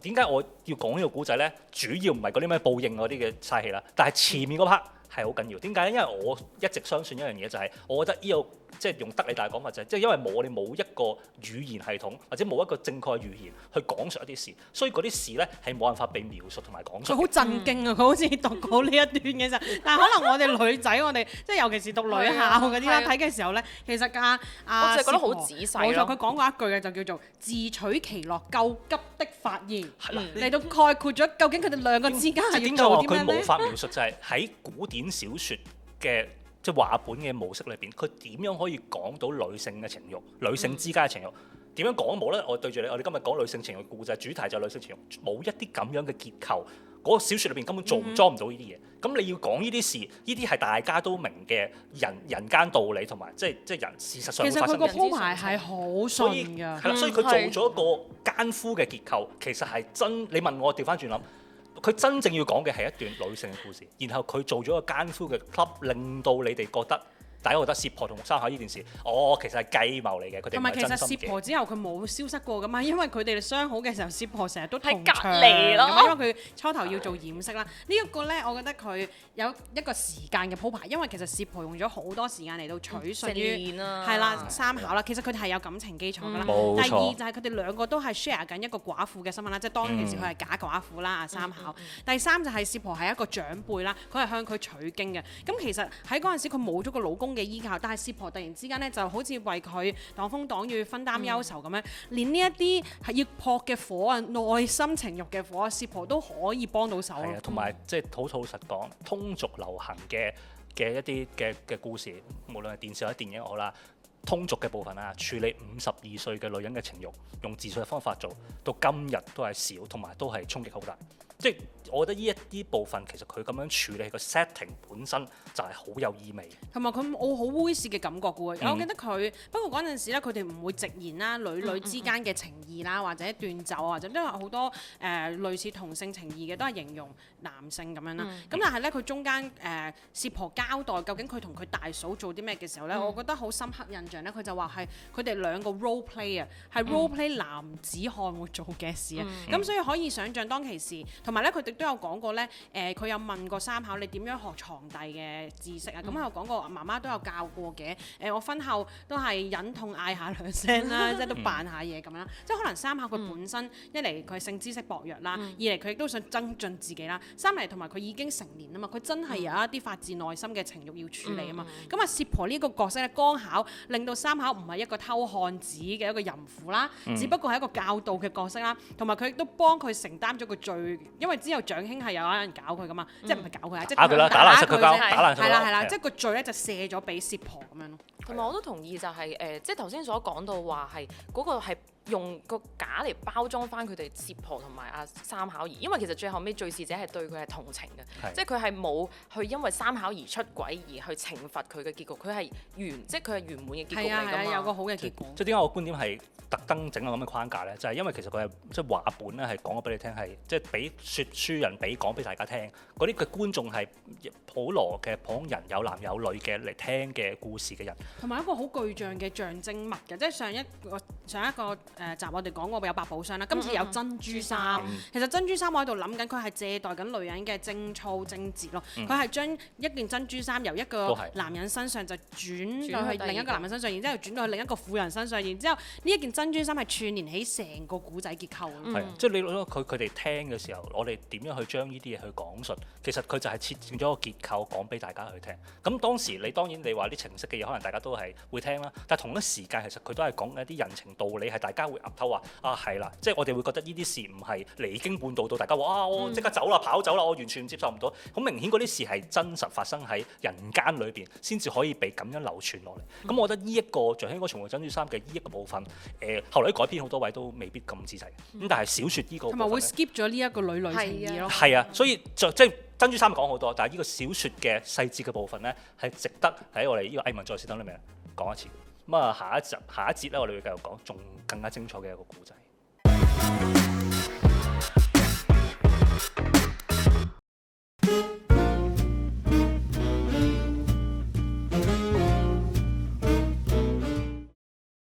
點解、嗯、我要講呢個古仔咧？主要唔係嗰啲咩報應嗰啲嘅嘥氣啦，但係前面嗰 part，係好緊要，點解咧？因為我一直相信一樣嘢就係、是，我覺得呢、這個即係、就是、用德里達嘅講法就係，即係因為冇我哋冇一個語言系統，或者冇一個正確語言去講述一啲事，所以嗰啲事咧係冇辦法被描述同埋講述。佢好震驚啊！佢、嗯、好似讀過呢一段嘅時、嗯、但係可能我哋女仔， 我哋即係尤其是讀女校嗰啲啦，睇嘅、啊啊、時候咧，其實阿、啊、阿我就覺得好仔細。冇婆錯，佢講過一句嘅就叫做自取其樂救急的發言，嚟、啊嗯、到概括咗究竟佢哋兩個之間係要做啲咩，點解佢冇法描述就係喺古典，演小説嘅即係話本嘅模式裏邊，佢點樣可以講到女性嘅情慾、女性之間嘅情慾？點樣講冇咧？我對住你，我哋今日講女性情慾故仔，主題就係女性情慾，冇一啲咁樣嘅結構，嗰、嗰個小説裏邊根本做唔裝唔到呢啲嘢。咁你要講呢啲事，呢啲係大家都明嘅人、人間道理同埋，即係即係人事實上會發生嘅鋪排係好衰嘅。係啦，所以佢、嗯、做咗一個奸夫嘅結構，的其實係真。你問我，調翻轉諗。佢真正要講嘅係一段女性嘅故事，然後佢做咗個奸夫嘅 club，令到你哋覺得。大家覺得薛婆同三巧呢件事，我、哦、其實係計謀嚟嘅。同埋其實薛婆之後佢冇消失過噶嘛，因為佢哋相好嘅時候，薛婆成日都同隔離咯。因為佢初頭要做掩飾啦。的呢一個咧，我覺得佢有一個時間嘅鋪排，因為其實薛婆用咗好多時間嚟到取信於，係啦、啊、三巧啦。其實佢哋係有感情基礎噶啦。嗯、第二錯就係佢哋兩個都係 share 緊一個寡婦嘅新聞啦，即係當其時佢係假寡婦啦。三巧。第三就係薛婆係一個長輩啦，佢係向佢取經嘅。咁其實喺嗰陣時佢冇咗個老公，嘅依靠，但係師婆突然之間咧，就好似為佢擋風擋雨，分擔憂愁咁樣，嗯、連呢一啲係要撲嘅火啊、內心情慾嘅火啊，師婆都可以幫到手。同埋即係，好老實講，通俗流行嘅嘅一啲嘅嘅故事，無論係電視或者電影好啦，通俗嘅部分啊，處理五十二歲嘅女人嘅情慾，用自述方法做，到今日都係少，同埋都係衝擊好大。即係我覺得呢一啲部分其實佢咁樣處理個 setting 本身就係好有意味，同埋佢我好猥瑣嘅感覺嘅、嗯、我記得佢不過嗰陣時咧，佢哋唔會直言啦，女女之間嘅情意啦或者斷奏啊，因係好多誒、呃、類似同性情意嘅都係形容男性咁樣啦。咁、嗯、但係咧佢中間誒、呃、薛婆交代究竟佢同佢大嫂做啲咩嘅時候咧，嗯、我覺得好深刻印象咧。佢就話係佢哋兩個 role play 啊，係 role play 男子漢會做嘅事啊。咁所以可以想象當其時同埋咧，佢哋都有講過咧。誒、呃，佢有問過三巧你點樣學床笫嘅知識啊？咁佢有講過，媽媽都有教過嘅。誒、呃，我婚後都係忍痛嗌 下兩聲啦，即係都扮下嘢咁樣。即係可能三巧佢本身、嗯、一嚟佢性知識薄弱啦，嗯、二嚟佢亦都想增進自己啦，三嚟同埋佢已經成年啊嘛，佢真係有一啲發自內心嘅情慾要處理啊嘛。咁啊、嗯，薛婆呢個角色咧，剛巧令到三巧唔係一個偷漢子嘅一個淫婦啦，嗯、只不過係一個教導嘅角色啦，同埋佢亦都幫佢承擔咗個罪。因為之後蔣興係有啲人搞佢噶嘛，嗯、即係唔係搞佢啊，即係打佢，打爛咗佢，的打爛咗佢，係啦係啦，即係個罪咧就卸咗俾薛婆咁樣咯。同埋我都同意就係、是、誒、呃，即係頭先所講到話係嗰個係用個假嚟包裝翻佢哋薛婆同埋阿三巧兒，因為其實最後尾敘事者係對佢係同情嘅，是即係佢係冇去因為三巧兒出軌而去懲罰佢嘅結局，佢係完，即係佢係完滿嘅結局係啊係、啊、有個好嘅結局。即係點解我觀點係特登整個咁嘅框架咧？就係、是、因為其實佢係即係話本咧係講咗俾你聽係，即係俾説書人俾講俾大家聽嗰啲嘅觀眾係普羅嘅普通人，有男有女嘅嚟聽嘅故事嘅人。同埋一個好具象嘅象徵物嘅，即係上一個上一個誒集我哋講過有百寶箱啦，今次有珍珠衫。嗯嗯、其實珍珠衫我喺度諗緊，佢係借代緊女人嘅貞操貞節咯。佢係、嗯、將一件珍珠衫由一個男人身上就轉,是轉到去另一個男人身上，然之後轉到去另一個婦人身上，然之後呢一件珍珠衫係串連起成個古仔結構。係，即係你諗佢佢哋聽嘅時候，我哋點樣去將呢啲嘢去講述？其實佢就係設置咗個結構講俾大家去聽。咁當時你當然你話啲情色嘅嘢，可能大家。都係會聽啦，但係同一時間其實佢都係講緊啲人情道理，係大家會岌頭話，啊係啦，即係我哋會覺得呢啲事唔係離經叛道到大家話、啊、我即刻走啦跑走啦，我完全接受唔到。好明顯嗰啲事係真實發生喺人間裏邊，先至可以被咁樣流傳落嚟。咁、嗯、我覺得呢、這、一個《蔣興、嗯》哥重會《珍珠衫》嘅呢一個部分，誒、呃、後來改編好多位都未必咁仔細。咁、嗯嗯、但係小説呢個部分會 skip 咗呢一個女女情義啊，所以就即。即《珍珠衫》講好多，但係呢個小説嘅細節嘅部分呢，係值得喺我哋呢個藝文在線等裏面講一次。咁啊，下一集、下一節呢，我哋會繼續講仲更加精彩嘅一個故仔。嗯、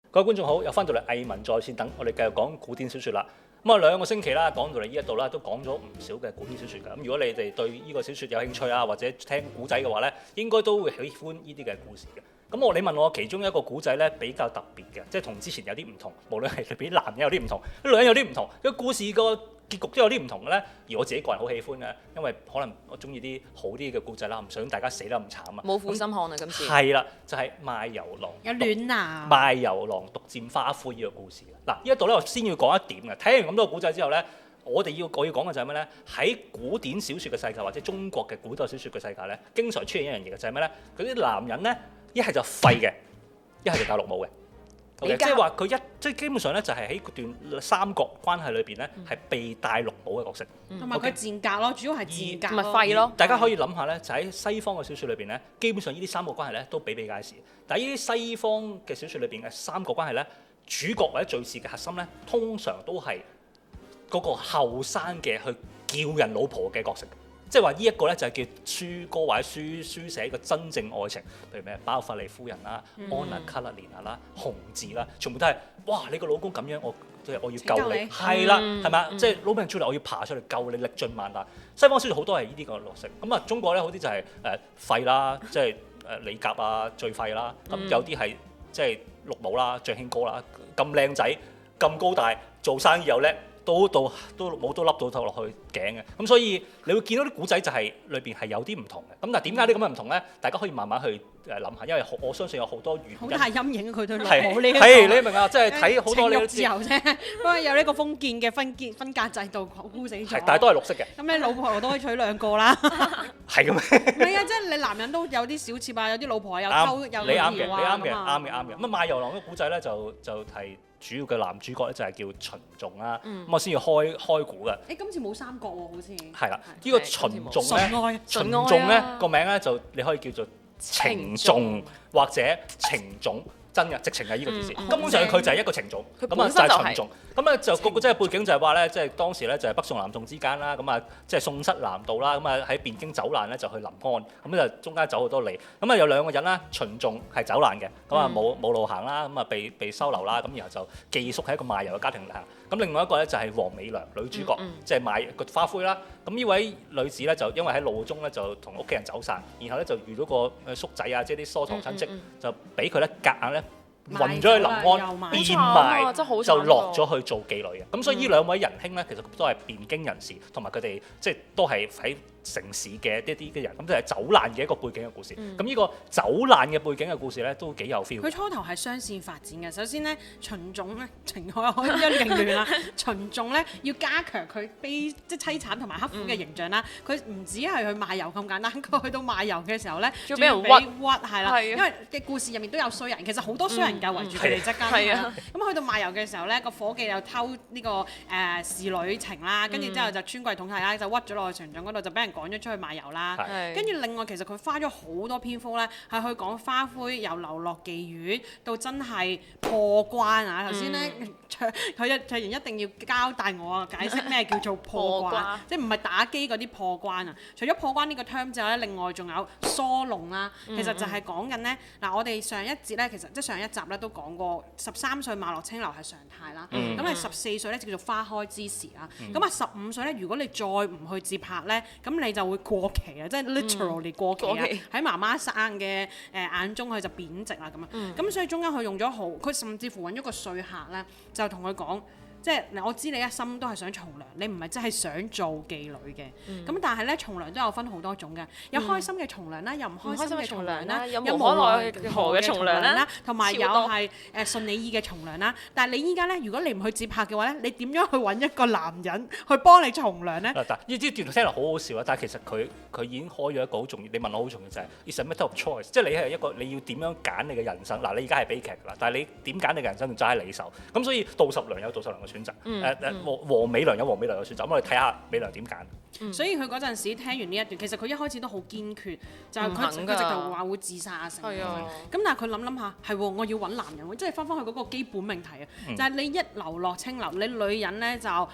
各位觀眾好，又翻到嚟藝文在線等，我哋繼續講古典小説啦。咁啊，兩個星期啦，講到嚟呢一度啦，都講咗唔少嘅古典小説噶。咁如果你哋對呢個小説有興趣啊，或者聽古仔嘅話咧，應該都會喜歡呢啲嘅故事嘅。咁我你問我其中一個古仔咧比較特別嘅，即係同之前有啲唔同，無論係裏面男人有啲唔同，女人有啲唔同，個故事個，結局都有啲唔同嘅咧，而我自己個人好喜歡嘅，因為可能我中意啲好啲嘅故仔啦，唔想大家死得咁慘啊！冇苦心漢啦，今次係啦，就係賣油郎，有戀愛，賣油郎獨佔花魁呢個故事。嗱，呢一度咧，我先要講一點嘅，睇完咁多古仔之後咧，我哋要我要講嘅就係咩咧？喺古典小説嘅世界或者中國嘅古代小説嘅世界咧，經常出現一樣嘢嘅就係咩咧？嗰啲男人咧，一係就廢嘅，一係就戴綠帽嘅。Okay, 在即係話佢一，即係基本上咧，就係喺段三角關係裏邊咧，係被戴綠帽嘅角色，同埋佢賤格咯，主要係賤格同埋廢咯。而咯大家可以諗下咧，嗯、就喺西方嘅小説裏邊咧，基本上呢啲三角關係咧都比比皆是。但係呢啲西方嘅小説裏邊嘅三角關係咧，主角或者敘事嘅核心咧，通常都係嗰個後生嘅去叫人老婆嘅角色。即係話呢一個咧，就係叫書歌或者書書寫一個真正愛情，譬如咩《包法利夫人》啦、mm，hmm.《安娜卡列尼娜》啦，《紅字》啦，全部都係哇！你個老公咁樣，我即係我要救你，係啦，係咪啊？即係老美人出嚟，我要爬出嚟救你，力盡萬大。西方小說好多係呢啲個落色。咁啊中國咧好啲就係、是、誒、呃、廢啦，即係誒李甲」啊最廢啦，咁、mm hmm. 有啲係即係綠帽啦、蔣興哥啦，咁靚仔咁高大，做生意又叻。到到都冇都粒到咗落去頸嘅、啊，咁、嗯、所以你會見到啲古仔就係裏邊係有啲唔同嘅。咁但係嗱，點解啲咁嘅唔同咧？大家可以慢慢去。誒諗下，因為我相信有好多原因。好大陰影，佢對你係睇你明啊，即係睇好多呢啲自由啫。因為有呢個封建嘅分結分隔制度箍死咗但係都係綠色嘅。咁你老婆都可以娶兩個啦。係咁嘅。唔係啊，即係你男人都有啲小妾啊，有啲老婆又收又。你啱嘅，你啱嘅，啱嘅，啱嘅。咁《賣油郎》嘅古仔咧，就就係主要嘅男主角就係叫秦重啊。咁我先要開開古嘅。誒，今次冇三個喎，好似係啦。呢個秦重咧，秦重咧個名咧就你可以叫做。情重，情重，或者情種，真嘅直情係呢個意思。根、嗯、本上佢就係一個情種，咁啊就秦重，咁啊重就個個即係背景就係話咧，即、就、係、是、當時咧就係北宋南宋之間啦，咁啊即係宋室南渡啦，咁啊喺汴京走難咧就去臨安，咁就中間走好多嚟。咁啊有兩個人啦，秦重係走難嘅，咁啊冇冇路行啦，咁啊被被收留啦，咁然後就寄宿喺一個賣油嘅家庭下。咁另外一個咧就係黃美娘女主角，嗯嗯、即係賣個花魁啦。咁呢、嗯嗯、位女子咧就因為喺路中咧就同屋企人走散，然後咧就遇到個叔仔啊，即係啲疏堂親戚，就俾佢咧夾硬咧運咗去臨安變賣，就落咗去做妓女嘅。咁、嗯、所以呢兩位仁兄咧，其實都係汴京人士，同埋佢哋即係都係喺城市嘅一啲啲嘅人，咁就係走難嘅一個背景嘅故事。咁呢個走難嘅背景嘅故事咧，都幾有 feel。佢初頭係雙線發展嘅，首先咧，秦重咧情開開一陣亂啦，秦重咧要加強佢悲即係悽慘同埋黑苦嘅形象啦。佢唔止係去賣油咁簡單，佢去到賣油嘅時候咧，仲俾人屈屈係啦，因為嘅故事入面都有衰人，其實好多衰人嘅圍住佢哋側家啊，咁去到賣油嘅時候咧，個伙計又偷呢個誒侍女情啦，跟住之後就穿櫃桶啦，就屈咗落去秦重嗰度，就俾人。講咗出去買油啦，跟住的另外其實佢花咗好多篇幅呢，係去講花魁由流落妓院到真係破關啊！頭先呢，佢一突然一定要交代我啊，解釋咩 叫做破關，破瓜即係唔係打機嗰啲破關啊？除咗破關呢個 term 之外呢，另外仲有梳弄啦、啊，其實就係講緊呢。嗱、嗯嗯啊，我哋上一節呢，其實即係上一集呢都講過，十三歲馬落青樓係常態啦，咁你十四歲呢，就叫做花開之時啦，咁啊十五歲呢，如果你再唔去接拍呢，咁係就會過期啊，即係 literally 過期。喺媽媽生嘅誒眼中，佢就貶值啦咁啊。咁所以中間佢用咗好，佢甚至乎揾咗個稅客咧，就同佢講。即係我知你一心都係想從良，你唔係真係想做妓女嘅。咁、嗯、但係咧，從良都有分好多種嘅：有開心嘅從良啦，有唔開心嘅從良啦，有無奈何嘅從良啦，同埋有係誒多順你意嘅從良啦。但係你依家咧，如果你唔去接客嘅話咧，你點樣去揾一個男人去幫你從良咧？嗱、嗯，但呢啲段聽落好好笑啊！但係其實佢佢已經開咗一個好重要，你問我好重要就係、是、，it's a matter of choice，即係你係一個你要點樣揀你嘅人生。嗱，你而家係悲劇啦，但係你點揀你嘅人生就揸喺你手。咁所以杜十娘有杜十娘嘅。選擇誒誒，黃黃美娘有黃美娘嘅選擇，咁我哋睇下美娘點揀。所以佢嗰陣時聽完呢一段，其實佢一開始都好堅決，就係佢佢直頭話會自殺啊，成咁。咁但係佢諗諗下，係喎，我要揾男人，即係翻返去嗰個基本命題啊，就係你一流落青樓，你女人咧就誒，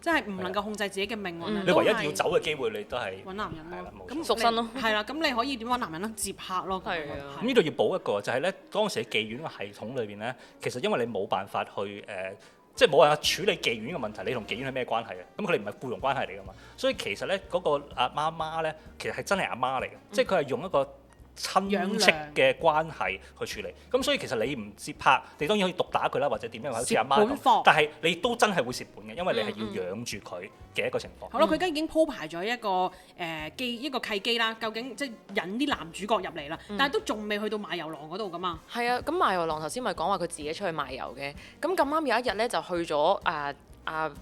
即係唔能夠控制自己嘅命運。你唯一要走嘅機會，你都係揾男人咁熟身咯，係啦，咁你可以點揾男人咧？接客咯，佢。啊。呢度要補一個就係咧，當時喺妓院嘅系統裏邊咧，其實因為你冇辦法去誒。即係冇辦法處理妓院嘅問題，你同妓院係咩關係啊？咁佢哋唔係僱傭關係嚟㗎嘛，所以其實咧嗰、那個阿媽媽咧，其實係真係阿媽嚟嘅，嗯、即係佢係用一個。親戚嘅關係去處理，咁所以其實你唔接拍，你當然可以毒打佢啦，或者點樣，好似阿媽咁。但係你都真係會蝕本嘅，因為你係要養住佢嘅一個情況。嗯嗯、好啦、啊，佢而家已經鋪排咗一個誒、呃、機一個契機啦，究竟即係引啲男主角入嚟啦，但係都仲未去到賣油郎嗰度噶嘛。係、嗯、啊，咁賣油郎頭先咪講話佢自己出去賣油嘅，咁咁啱有一日咧就去咗啊啊！呃呃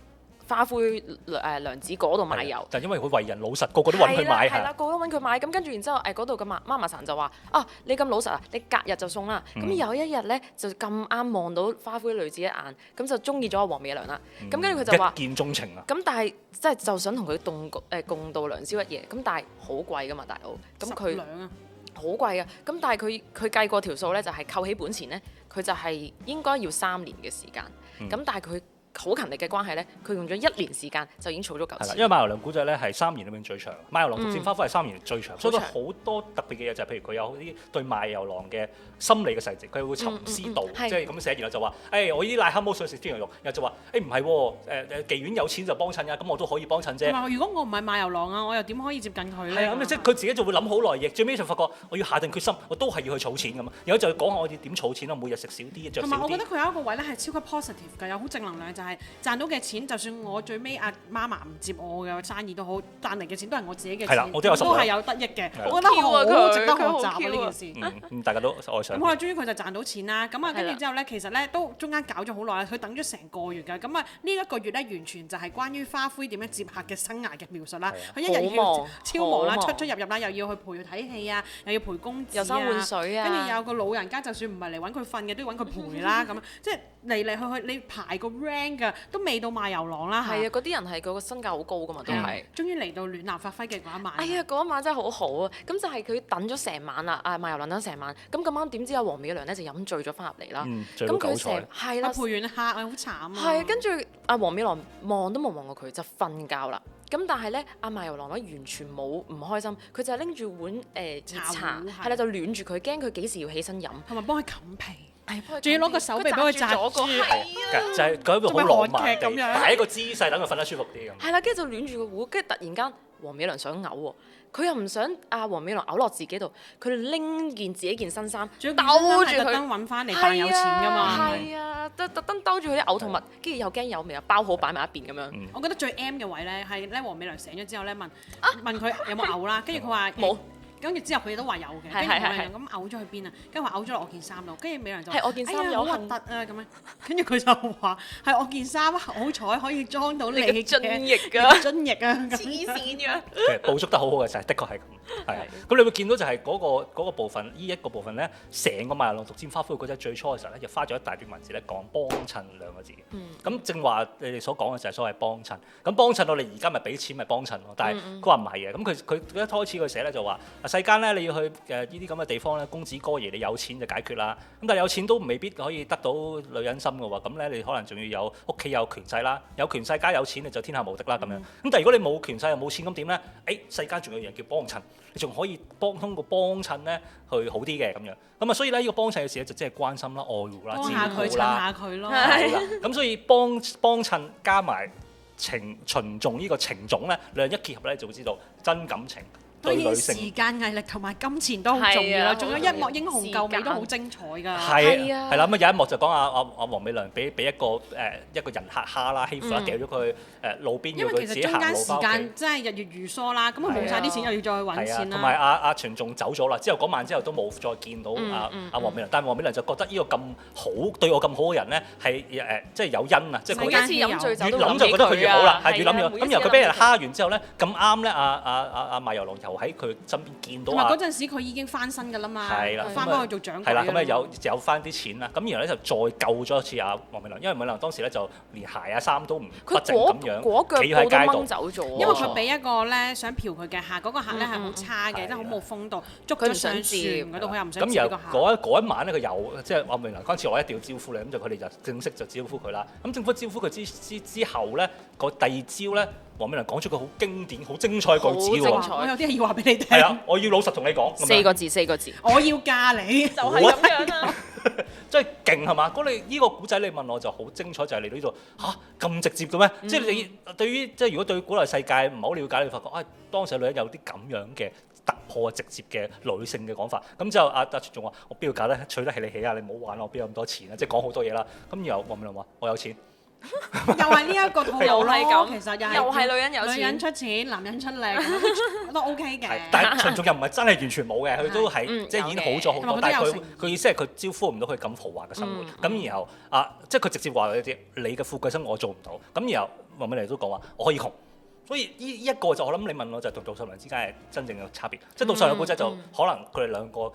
花魁誒娘、呃、子嗰度買油，就因為佢為人老實，個個都揾佢買嚇。係啦，係啦，個個揾佢買。咁跟住，的然之後誒嗰度嘅媽媽生就話：，啊，你咁老實啊，你隔日就送啦。咁、嗯、有一日咧，就咁啱望到花魁女子一眼，咁就中意咗黃美娘啦。咁跟住佢就一見鍾情啦。咁但係即係就是、想同佢共誒共度良宵一夜。咁但係好貴噶嘛，大佬。咁佢好貴啊。咁但係佢佢計過條數咧，就係、是、扣起本錢咧，佢就係應該要三年嘅時間。咁、嗯、但係佢。好勤力嘅關係咧，佢用咗一年時間就已經儲咗夠錢。因為賣油郎故仔咧係三年裏面最長，賣油郎獨占花魁係三年最長，所以好多特別嘅嘢就係譬如佢有啲對賣油郎嘅心理嘅細節，佢會沉思道，即係咁寫完啦就話：，誒我依癩蛤蟆想食豬牛肉，然後就話：，誒唔係喎，妓院有錢就幫襯㗎，咁我都可以幫襯啫。如果我唔係賣油郎啊，我又點可以接近佢啊？咁即佢自己就會諗好耐嘢，最尾就發覺我要下定決心，我都係要去儲錢咁，然後就講我要點儲錢啊，每日食少啲就少。我覺得佢有一個位咧係超級 positive 㗎，有好正能量就係賺到嘅錢，就算我最尾阿媽媽唔接我嘅生意都好，賺嚟嘅錢都係我自己嘅錢，都係有得益嘅。我覺得好好值得學習啊！呢件事，大家都愛上。咁，佢終於佢就賺到錢啦。咁啊，跟住之後咧，其實咧都中間搞咗好耐，佢等咗成個月㗎。咁啊呢一個月咧，完全就係關於花魁點樣接客嘅生涯嘅描述啦。佢一日要超忙啦，出出入入啦，又要去陪佢睇戲啊，又要陪工，又換水啊，跟住有個老人家，就算唔係嚟揾佢瞓嘅，都要揾佢陪啦。咁即係嚟嚟去去，你排個都未到賣油郎啦，係啊，嗰啲人係個個身價好高噶嘛，都係。嗯、終於嚟到暖男發揮嘅嗰一晚。哎呀，嗰一晚真係好好啊！咁就係佢等咗成晚啦，阿、啊、賣油郎等成晚。咁咁啱點知阿黃美娘咧就飲醉咗翻入嚟啦。嗯，佢成日，啦，陪完客啊，好慘啊。係啊，跟住阿黃美娘望都冇望過佢就瞓覺啦。咁但係咧，阿、啊、賣油郎咧完全冇唔開心，佢就拎住碗誒茶，係啦，就暖住佢，驚佢幾時要起身飲。係咪幫佢冚被？仲要攞個手臂俾佢扎住個，就係嗰個浪漫咁，擺一個姿勢等佢瞓得舒服啲咁。係啦、啊，跟住就攣住個肚，跟住突然間，黃美娘想嘔喎，佢又唔想阿黃美娘嘔落自己度，佢拎件自己件新衫，仲要兜住佢，特登揾翻嚟扮有錢噶嘛，係啊，啊，、嗯、啊，特特登兜住佢啲嘔同物，跟住又驚有味，又包好擺埋一邊咁樣。啊嗯、我覺得最 M 嘅位咧，係咧黃美娘醒咗之後咧問啊問佢有冇嘔啦，跟住佢話冇。 跟住之後佢哋都話有嘅，跟住的的美娘咁嘔咗去邊啊？跟住話嘔咗落我件衫度，跟住美娘就係我件衫，有核突啊！咁樣，跟住佢就話係我件衫，好彩可以裝到你嘅尊液嘅尊液啊！黐線嘅，捕捉得好好嘅，就係、是、的確係咁。係咁，的你會見到就係嗰、那個那個部分，呢、這、一個部分咧，成個獨占《賣油郎獨佔花魁》嗰隻最初嘅時候咧，就花咗一大段文字咧講幫襯兩個字。咁、嗯、正話你哋所講嘅就係所謂幫襯。咁幫襯我哋而家咪俾錢咪幫襯咯，但係佢話唔係嘅。咁佢佢一開始佢寫咧就話。世間咧，你要去誒呢啲咁嘅地方咧，公子哥兒你有錢就解決啦。咁但係有錢都未必可以得到女人心嘅喎。咁咧，你可能仲要有屋企有權勢啦，有權勢加有錢你就天下無敵啦咁樣。咁、嗯、但係如果你冇權勢又冇錢，咁點咧？誒、哎，世間仲有人叫幫襯，你仲可以幫通過幫襯咧，去好啲嘅咁樣。咁啊，所以咧呢、這個幫襯嘅事咧，就即係關心啦、愛護啦、照顧啦。幫下佢咯。係的。咁、啊嗯、所以幫幫襯加埋秦重呢個情種咧，兩人一結合咧，就知道真感情。當然時間毅力同埋金錢都好重要啦，仲有一幕英雄救美都好精彩㗎，係啊，係啦。咁有一幕就講阿阿阿黃美娘俾俾一個誒一個人蝦蝦啦欺負啦，掉咗佢誒路邊，要佢自己行，間時間真係日月如梭啦，咁佢冇晒啲錢又要再揾錢啊，同埋阿阿秦仲走咗啦，之後嗰晚之後都冇再見到阿阿黃美娘。但係黃美娘就覺得呢個咁好對我咁好嘅人咧係誒即係有恩啊，即係佢每次飲醉酒越諗就覺得佢越好啦，係越諗越，咁由佢俾人蝦完之後咧咁啱咧阿阿阿阿賣油郎又。喺佢身邊見到啊！嗰陣時佢已經翻身㗎啦嘛，翻返的去做掌櫃。係啦，咁咧嘛有有翻啲錢啦，咁然後咧就再救咗一次阿黃美娘，因為黃美娘當時咧就連鞋啊衫都唔不整咁樣，企喺街度。走因為佢俾一個咧想嫖佢嘅客，嗰、那個客咧係好差嘅，真係好冇風度，捉佢上船度，佢又唔想。咁然後嗰一晚咧，佢又即係黃美娘，嗰次我一定要招呼你，咁就佢哋就正式就招呼佢啦。咁正式招呼佢之之之，之，之後咧，個第二招咧。黃美娘講出個好經典、好精彩句子喎，精彩，有啲嘢要話俾你聽。係啊，我要老實同你講。四個字，是是四個字，我要嫁你，就係咁樣啦。 真係勁係嘛？講你呢個古仔，你問我就好精彩，就嚟、是、到呢度吓，咁、啊、直接嘅咩、嗯？即係你對於即係如果對古代世界唔好了解，你發覺唉、哎，當時女人有啲咁樣嘅突破、直接嘅女性嘅講法。咁之後阿達柱仲話：我邊個嫁咧？娶得起你起啊！你唔好玩我，邊有咁多錢啊！即係講好多嘢啦。咁然後黃美娘話：我有錢。 又係呢一個套路咯，的其實又係女人有女人出，人出錢，男人出力，都 OK 嘅。 但係秦重又唔係真係完全冇嘅，佢都係即係已經好咗好多。 嗯、但係佢佢意思係佢招呼唔到佢咁豪華嘅生活。咁、嗯、然後、嗯、啊，即係佢直接話咗啲，你嘅富貴生活我做唔到。咁然後王美娘都講話我可以窮。所以呢一個就我諗你問我就同杜十娘之間係真正嘅差別，即係杜十娘嘅骨質就可能佢哋兩個。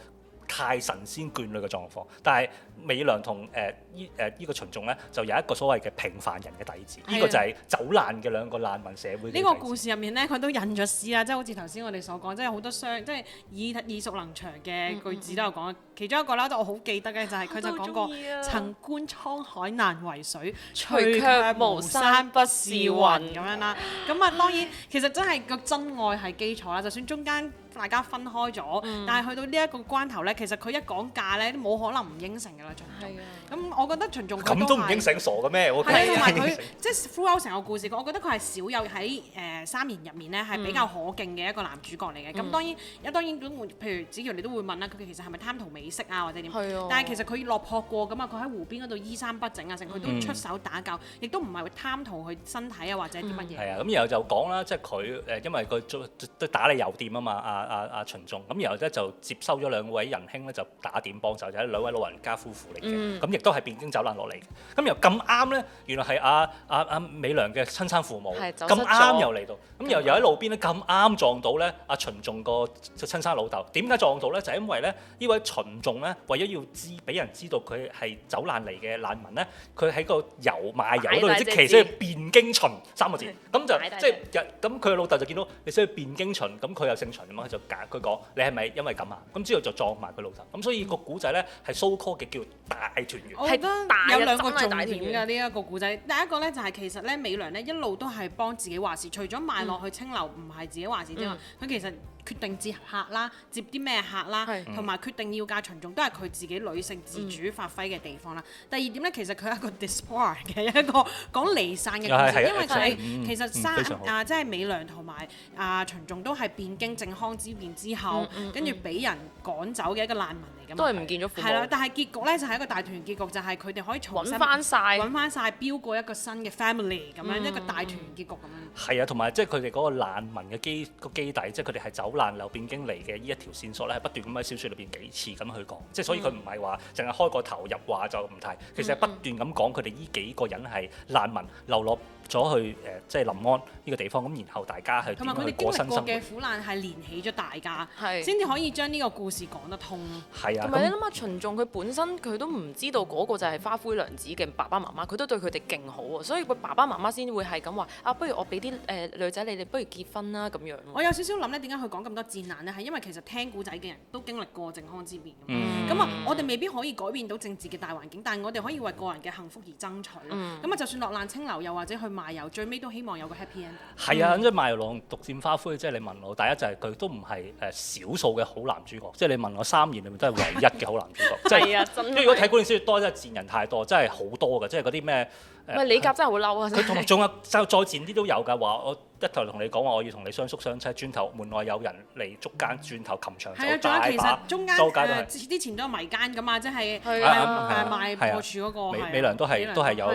太神仙眷侶嘅狀況，但係美娘同誒依誒依個秦重咧，就有一個所謂嘅平凡人嘅底子，呢的個就係走難嘅兩個難民社會。呢個故事入面咧，佢都引咗詩啊，即、就、係、是、好似頭先我哋所講，即係好多雙，即係耳耳熟能詳嘅句子都有講。其中一個啦，我好記得嘅就係、是、佢就講過：，啊、曾觀滄海難為水，除 卻巫山不是雲。咁樣啦，咁啊唉當然，其實真係個真愛係基礎啦，就算中間。大家分開咗，嗯、但係去到呢一個關頭咧，其實佢一講價咧，冇可能唔應承嘅啦，秦重。咁的我覺得咁都唔應承傻嘅咩？我係同埋佢即係 throughout 成個故事，我覺得佢係少有喺誒、呃、三言入面咧係比較可敬嘅一個男主角嚟嘅。咁、嗯、當然，當然都會譬如卓然你都會問啦，佢其實係咪貪圖美色啊或者點？的但係其實佢落魄過咁啊，佢喺湖邊嗰度衣衫不整啊，成日、嗯、都出手打救，亦都唔係會貪圖佢身體啊或者啲乜嘢。係啊、嗯，咁然後就講啦，即係佢誒，因為佢做都打理油店嘛啊嘛啊。阿阿秦重咁，然後咧就接收咗兩位仁兄咧，就打點幫手，就係、是、兩位老人家夫婦嚟嘅。咁亦、嗯、都係汴京走難落嚟。咁又咁啱咧，原來係阿阿阿美娘嘅親生父母。咁啱又嚟到，咁、嗯、又又喺路邊咧咁啱撞到咧阿秦重個親生老豆。點解撞到咧？就係因為咧呢位秦重咧，為咗要知俾人知道佢係走難嚟嘅難民咧，佢喺個遊賣油類型之奇，所以汴京秦三個字。咁就即係咁，佢老豆就見到你寫汴京秦，咁佢又姓秦㗎嘛。就假佢講，你係咪因為咁啊？咁之後就撞埋佢老豆。咁所以個古仔咧係 so call 嘅叫大團圓。係大有兩個重點㗎呢一個古仔。第一個咧就係、是、其實咧美娘咧一路都係幫自己話事，除咗賣落去青樓唔係自己話事、嗯、之外，佢其實決定接客啦、接啲咩客啦，同埋是決定要嫁秦重都係佢自己女性自主發揮嘅地方啦。嗯、第二點咧，其實佢係一個 diaspora 嘅一個講離散嘅故事， 因為佢其實三、嗯、啊即係美娘同埋啊秦重都係汴京靖康。之、嗯嗯、後，跟住俾人趕走嘅一個難民嚟嘅都係唔見咗父母。係啦，但係結局咧就係、是、一個大團圓結局，就係佢哋可以重新揾翻晒，揾翻晒標過一個新嘅 family，咁樣、嗯、一個大團圓結局咁、嗯、樣。係啊，同埋即係佢哋嗰個難民嘅基個基底，即係佢哋係走難流變經嚟嘅呢一條線索咧，係不斷咁喺小說裏邊幾次咁去講，即、就、係、是、所以佢唔係話淨係開個頭入話就唔提，其實係不斷咁講佢哋呢幾個人係難民流落，咗去誒、呃，即係臨安呢個地方咁，然後大家去，同埋佢哋經歷過嘅苦難係連起咗大家，先至是可以將呢個故事講得通。係啊，同埋有那你諗下，秦重佢本身佢都唔知道嗰個就係花魁娘子嘅爸爸媽媽，佢都對佢哋勁好，所以佢爸爸媽媽先會係咁話，啊，不如我俾啲誒女仔你哋，你不如結婚啦咁樣。我有少少諗呢點解佢講咁多戰難呢？係因為其實聽古仔嘅人都經歷過靖康之變。嗯。咁啊，我哋未必可以改變到政治嘅大環境，但係我哋可以為個人嘅幸福而爭取。嗯。咁啊，就算落難清流，又或者去。賣油最尾都希望有個 happy ending，係啊，咁即係賣油郎獨占花魁，即係你問我，第一就係佢都唔係誒少數嘅好男主角，即係你問我三言裡面都係唯一嘅好男主角。即係啊，真。因為如果睇古典書多，即係賤人太多，即係好多嘅，即係嗰啲咩。唔係李甲真係會嬲啊！佢同仲有就再賤啲都有㗎話，我一頭同你講話，我要同你相宿相棲，轉頭門外有人嚟捉奸，轉頭擒長。係其實中間誒之前都有迷奸㗎嘛，即係誒賣破處嗰個。美，美娘都係都係有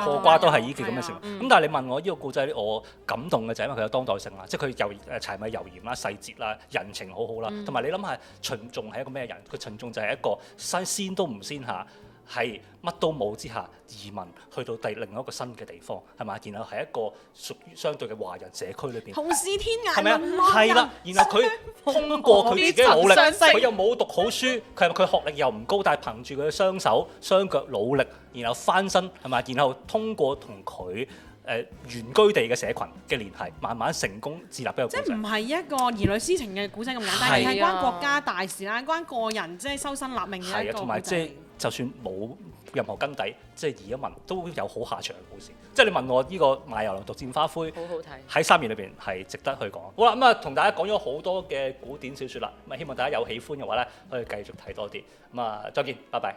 破瓜都係依件咁嘅事。咁但係你問我呢個故仔，我感動嘅就係因為佢有當代性啦，即係佢又柴米油鹽啦、細節啦、人情好好啦。同埋你諗下，秦重係一個咩人？佢秦重就係一個先先都唔先下，係乜都冇之下，移民去到第另一個新嘅地方，係嘛？然後係一個屬於相對嘅華人社區裏邊，同是天涯係咪？吧人，係啦。然後佢通過佢自己努力，佢又冇讀好書，佢佢學歷又唔高，但係憑住佢嘅雙手雙腳努力，然後翻身係嘛？然後通過同佢誒原居地嘅社群嘅聯繫，慢慢成功自立。即係唔係一個兒女私情嘅古仔咁簡單，而係的關國家大事啦，關個人即係修身立命嘅一個古仔。就算冇任何根底，即係移一問都有好下場嘅故事。即係你問我呢、這個《賣油郎獨佔花魁》，好好睇喺三言裏邊係值得去講。好啦，咁啊同大家講咗好多嘅古典小説啦，咁啊希望大家有喜歡嘅話咧，可以繼續睇多啲。咁、嗯、啊，再見，拜拜。